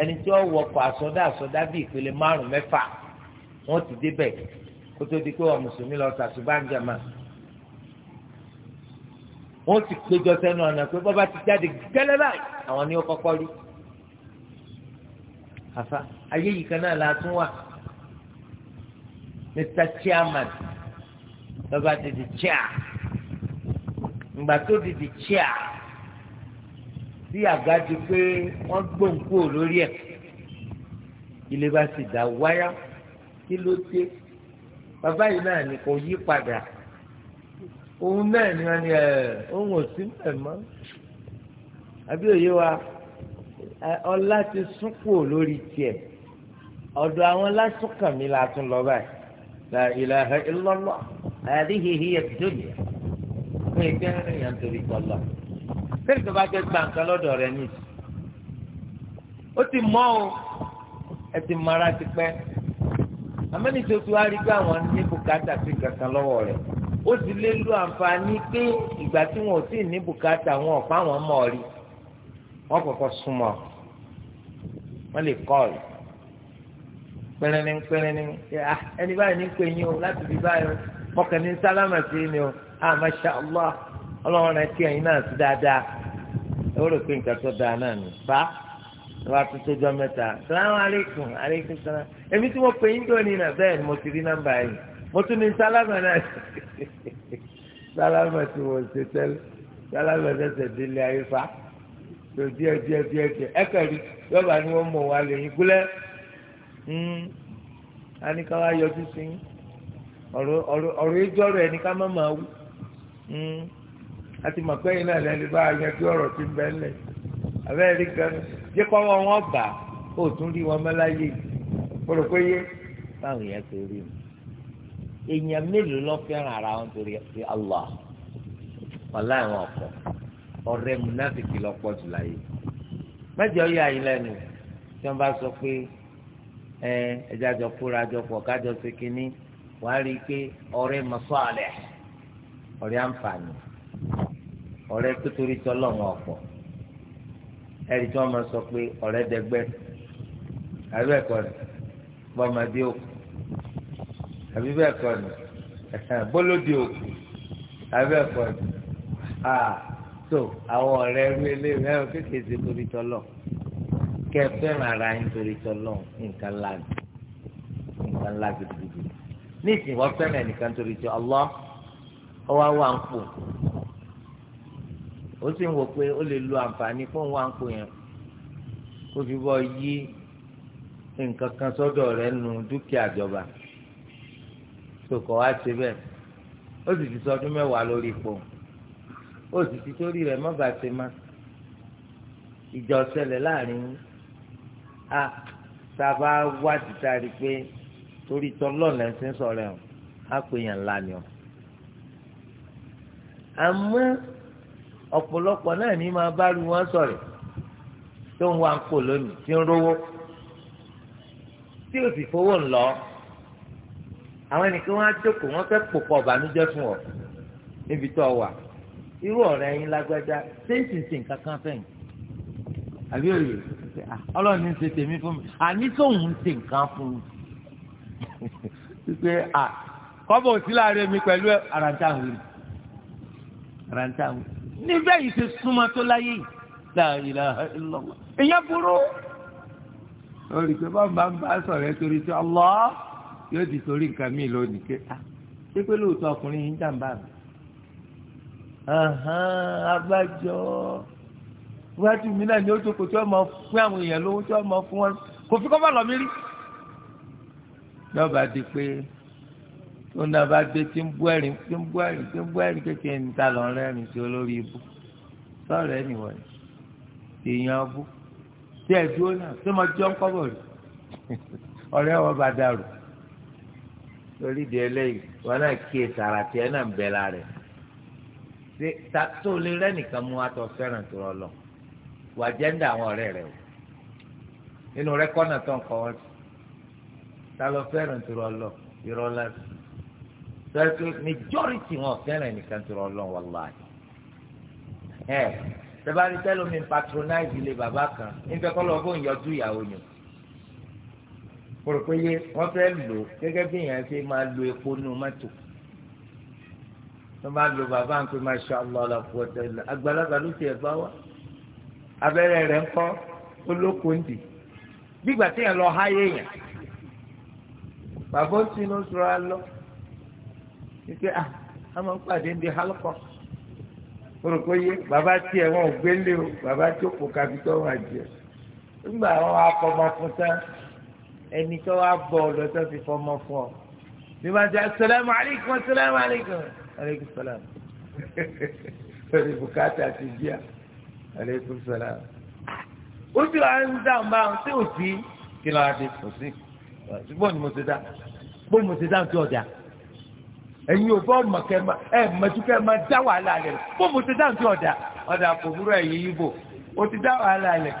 ẹni tí wọ́n wọkọ̀ àsọdá àsọdá bíi ìpele márùn mẹ́fà wọ́n ti débẹ̀ kó tó di pé wọ́n mùsùlùmí lọ sàṣùbáǹjà máa wọ́n ti péjọ sẹ́nu ọ̀nà pé bọ́ba ti jáde gẹ́lẹ́ báyìí àwọn ni ó kọ́kọ́ rí àfa ayé yìí lọ́ba ti di chia ìgbà tó di di chia tí àga di pé wọ́n gbòǹkú lórí ẹ̀ ilé bá ti dà wáyà kí ló dé bàbá yìí náà ni kò yí padà òun náà ni wọ́n ní òun ò sí mẹ́ mọ́ àbí òye wa ọlá ti súnkù lórí tiẹ̀ ọ̀dọ̀ àwọn lásùnkànmí la tún lọ báyìí la ilaha illallah. هذه هي الدنيا ويكون ينتظر الله tẹ́lẹ̀ tó bá jẹ́ gbàǹkan lọ́dọ̀ rẹ̀ ní ìsìn ó ti mọ́ o ẹ ti mara ti pẹ́ àmọ́ni tó tu arí pé àwọn ní bùkátà sí kankan lọ́wọ́ rẹ̀ ó sì lè lo àǹfààní pé ìgbà tí wọn ò tí ì ní bùkátà wọn ò pa àwọn mọ́ ọ rí wọn kọ́kọ́ súnmọ́ wọn lè kọ́ ọ pẹ́rẹ́nì pẹ́rẹ́nì ah, ẹni báyìí ní pé yín o láti fi báyìí mọkàn ní sálámà sí ni o a ah, masha allah ọlọ́run rẹ kí ẹ̀yin náà sí dáadáa ẹ ó rò pé nǹkan tó dáa náà nù bá lọ́wọ́ tó tójọ́ mẹ́ta salamu aleykum aleykum salam èmi tí mo pè yín dòní náà bẹ́ẹ̀ ni mo ti rí nọ́mbà yìí mo tún ní sálámà náà sálámà tí mo ṣe tẹ́lẹ̀ sálámà ṣẹ̀ṣẹ̀ délé ayé fa tó díẹ̀ díẹ̀ díẹ̀ díẹ̀ ẹ kẹ́rì yọba ni wọ́n mọ̀ wá lè yín kúlẹ̀ hmm. a ní ká wá yín. ọ̀rọ̀ ẹjọ́ rẹ̀ ni ká má máa wú àti màpẹ́ yìí náà lẹ́nu bá yanjú ọ̀rọ̀ tí ń bẹ́ abẹ́rẹ́ rí jẹ́ kọ́ wọn bà ó tún rí wọn mẹ́láyé báwọn yẹn ti rí èèyàn mélòó lọ fẹ́ràn ara wọn torí Allah ọ̀la ẹ̀wọ̀n ọ̀rẹ́ jù láyé mẹ́jọ yà yín lẹ́nu tí wọ́n sọ pé ẹ kájọ wà á rí i pé ọ̀rẹ́ masalih ọ̀rẹ́ àǹfààní ọ̀rẹ́ pítorí tọ́lọ́wọ́n ọ̀pọ̀ ẹ̀rí tí wọ́n máa sọ pé ọ̀rẹ́ dẹgbẹ́ àbí ẹ̀kọ́ rẹ̀ bọ́mọdé òkú àbí bẹ́ẹ̀ kọ́ ni bọ́lódì òkú àbí ẹ̀kọ́ ni so àwọn ọ̀rẹ́ rú eléyìí ẹ̀rọ kékeré ṣe torí tọ́lọ̀ kẹ́ ẹ fẹ́ràn ara yín torí tọ́lọ̀ nǹkan láàbì nǹkan láàbì gidigidi ní ìsìn wọ́n fẹ́ràn ẹnìkan torí ti Allah ọ wá wà ń pò ó sì ń wò pé ó lè lo àǹfààní fóun wà ń pò yẹn kó fi bọ́ yí nǹkan kan sọ́dọ̀ rẹ̀ nu dúkìá ìjọba sòkò wá ṣe bẹ́ẹ̀ ó sì ti sọdún mẹ́wàá lórí ipò ó sì ti torí rẹ̀ mọ́ bàá ṣe má ìjọ ṣẹlẹ̀ láàrin ah, a sábà wá ti ta rí pé torí tọ́lọ́ lẹ́ ń sin sọ̀rọ̀ ẹ̀ á pè yàn ńlá ni ọ. àmọ́ ọ̀pọ̀lọpọ̀ náà ní máa bá rí wọn sọ̀rọ̀ tó ń wá ń kó lónìí tí ń rówó tí o sì fowó ńlọ àwọn ẹnìkan wọn á jókòó wọn fẹ́ pòpọ̀ ọ̀bànújẹ́ fún ọ níbi tó wà irú ọ̀rẹ́ yín lágbájá ṣéǹtìǹtìǹ kankan fẹ́yìn àbí òye ah, ọlọ́run ní ń ṣe tèmi fún mi àní tóun ń ṣe nǹkan fún mi pípé à kọ́bọ̀ òsì láàrin mi pẹ̀lú àràǹtàwìn rẹ̀ àràǹtàwìn níbẹ̀ yìí ṣe súnmọ́ tó láyé yìí láàrin ìlọ́wọ́ èèyàn burú lórí pé bá bá ń bá sọ̀rọ̀ ẹ torí tí ọlọ́ yóò di torí nǹkan mi lónìí ké a ṣé pé lóòótọ́ ọkùnrin yìí ń jàǹbá mi abájọ wájú mi náà ni ó jókòó tí wọ́n máa fún àwọn èèyàn lówó tí wọ́n máa fún wọn kò fi kọ́ bá lọ mí rí lọ́ba di pé tó náà bá gbé tí ń bú ẹ̀rín tí ń bú ẹ̀rín tí ń bú ẹ̀rín kékeré ní ta lọ rẹ́rìn sí olórí ibú sọ̀rọ̀ ẹ̀ nìwọ̀n èèyàn bú tí ẹ̀ dúró náà tó máa jọ́ ń kọ́bọ̀ rí ọ̀rẹ́ wọn bá dàrú lórí ìdí ẹlẹ́yìí wọn náà kíyè sàrà tiẹ̀ náà ń bẹ̀ lára tó lè rẹ́nìkan mú atọ́ fẹ́ràn tó lọ wà jẹ́ńdà àwọn ọ̀rẹ́ rẹ̀ o nínú rẹ́kọ́nà tó ń kọ́ wọn ta lọ fẹ́ràn tó rọ lọ irọ́ lẹ́sìn sẹ́kì majority wọn fẹ́ràn nìkan tó rọ lọ wàláì ẹ tẹ́bárí tẹ́lómi patronize ilé bàbá kan nígbà kọ́ lọ́ọ́ fóun yọjú ìyàwó yẹn pòròpéye wọ́n fẹ́ lò gẹ́gẹ́ bí yẹn ṣe máa lo epo nù mọ́tò wọ́n bá lo bàbá ń pè máa ṣe ọlọ́ọ̀lọ́ fún ọ̀tẹ̀ àgbàlagbà ló ti ẹ̀ bá abẹ́rẹ́ rẹ̀ ń kọ́ olóko gbígbà tí yẹn lọ háyé yẹn bàbá ó ti inú sọ̀rọ̀ alọ́ wípé à ah, á máa ń pàdé ní alùpọ̀ orúkọ yé bàbá tiẹ̀ wọn ò gbélé o bàbá tí ó kó kábítọ́ wà jẹ nígbà wọn akọmọ fún tán ẹni tó wá bọ̀ ọ lọ́tọ́ fi fọmọ fún ọ bí wọ́n ti asalaamu aleykum asalaamu aleykum aleykum salaam lórí bùkátà ti bíà aleykum salaam ó sì wá ń dáhùn báwọn tí ò sí kí ló wá dé kò sí bọ́ọ̀ ni mo ti dá bọ́ọ̀ ni mo ti dá nǹkan ọ̀dà ẹ̀yin ò bọ́ọ̀ mọ̀ kẹ́ ẹ̀ mọ̀túkẹ́ máa dá wàhálà rẹ̀ bọ́ọ̀ mo ti dá nǹkan ọ̀dà ọ̀dà kò burú ẹ̀yin yíbò o ti dá wàhálà rẹ̀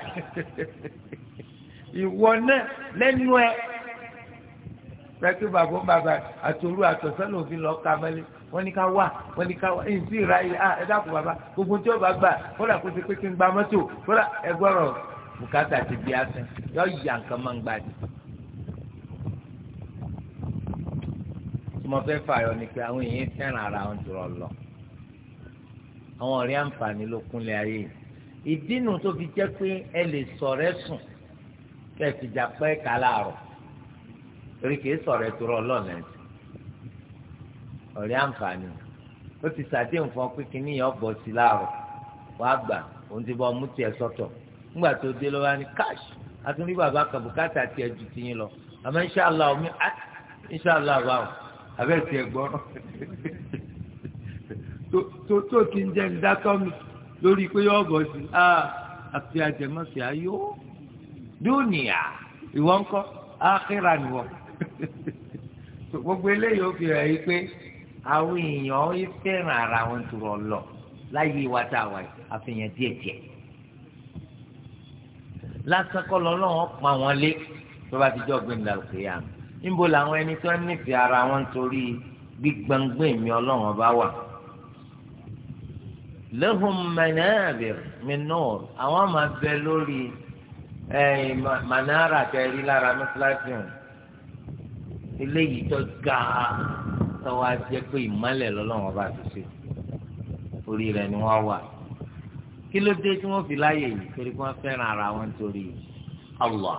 ìwọ náà lẹ́nu ẹ̀ pẹ̀tù bàbá bàbá àtòrú àtọ̀sán lòfin lọ́ọ́ ka mẹ́lẹ́ wọ́n ní ká wà wọ́n ní ká wà èyí sì ra ilé ah ẹ dákun bàbá gbogbo tí ó bá gbà kódà kó ti pé kí n gba mọ́tò kódà ẹgbọ́rọ̀ bùkátà ti di asẹ́ yọ ìyá nǹkan máa ń gbà dé. mo fẹ́ fààyọ ni pé àwọn èèyàn fẹ́ràn ara wọn jùlọ lọ àwọn ọ̀rẹ́ àǹfààní ló kúnlẹ̀ ayé yìí ìdínú tó fi jẹ́ pé ẹ lè sọ̀rẹ́ sùn kẹ̀sìjà pẹ́ ká láàrọ̀ torí kìí sọ̀rọ̀ ẹ̀ tó rọ lọ́nà ẹ̀ ọ̀rẹ́ àǹfààní ó ti sàdéhùn fún ọ pé kínní yẹn ọ̀bọ̀ sí láàrọ̀ wàá gbà òun ti bọ́ ọmú tiẹ̀ sọ́tọ̀ nígbà tó dé lọ́wọ́ ni cash àtúndí bàbá kàbùkátà tiẹ̀ ju tiyín lọ àmọ́ inṣàlá omi ah, inṣàlá báwọn abẹ́ẹ̀tì ẹ̀gbọ́n tó tó ti ń jẹ́ ń dátọ́ mi lórí pé yọ ọgọ sí a àfi àjẹmọ́sí ayó dúnìá ìwọ ńkọ́ ákírà nìwọ gbogbo eléyìí ó fi hàn yí pé àwọn èèyàn fẹ́ràn ara wọn tó rọ lọ láyé wa tá a wà yìí àfihàn díẹ̀ díẹ̀ lásán kọ́ lọ́lọ́wọ́ pa wọn lé tó bá ti jọ́ gbẹ̀ndàlùkì yá mi níbo làwọn ẹni tó ń nífẹ̀ẹ́ ara wọn torí gbígbàngbé mi ọlọ́run ọba wà. lahum manabir min nur àwọn máa bẹ lórí mànàrà tẹ̀rí lára mẹ́tíláṣí hàn eléyìí tó ga tọ́wọ́ á jẹ́ pé ìmọ̀lẹ̀ lọ́lọ́run ọba ti ṣe orí rẹ̀ ni wọ́n wà kí ló dé tí wọ́n fi láàyè yìí torí wọ́n fẹ́ràn ara wọn torí Allah.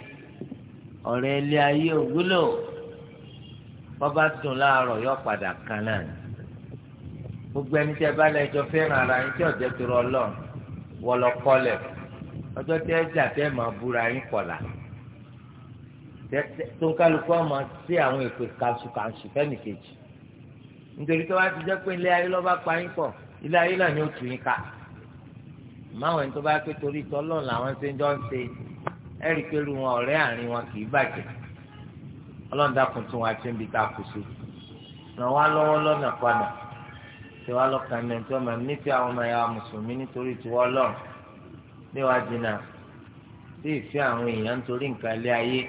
ọ̀rẹ́ ilé ayé òwúlò bọ́bá dùn láàárọ̀ yọ padà kan náà gbogbo ẹni tẹ bá lẹjọ fẹ́ràn ara yín tí tó rọ lọ wọlọ ọjọ́ tẹ ẹ jà tẹ máa búra yín tó ń kálukú ọmọ sí àwọn èpè kanṣukanṣu fẹ́mi kejì nítorí tó ti jẹ́ pé ilé ayé lọ́ba pa yín pọ̀ ilé ayé náà ni ó tù yín ká máwọn ẹni erik pé irú wọn ọ̀rẹ́ àárín wọn kì í bàjẹ́ ọlọ́ọ̀dàkùn tún wá tí ń bi tá a kù sí ràn wá lọ́wọ́ lọ́nà padà tí wàá lọ́kàn ní ẹ̀ńtọ́ máa ní tí àwọn ọmọ ẹ̀yà mùsùlùmí nítorí tiwọ́ lọ́rùn níwájú sí ìfẹ́ àwọn èèyàn nítorí nǹkan ilé ayé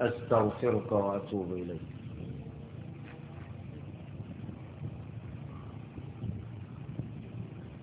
أستغفرك وأتوب إليك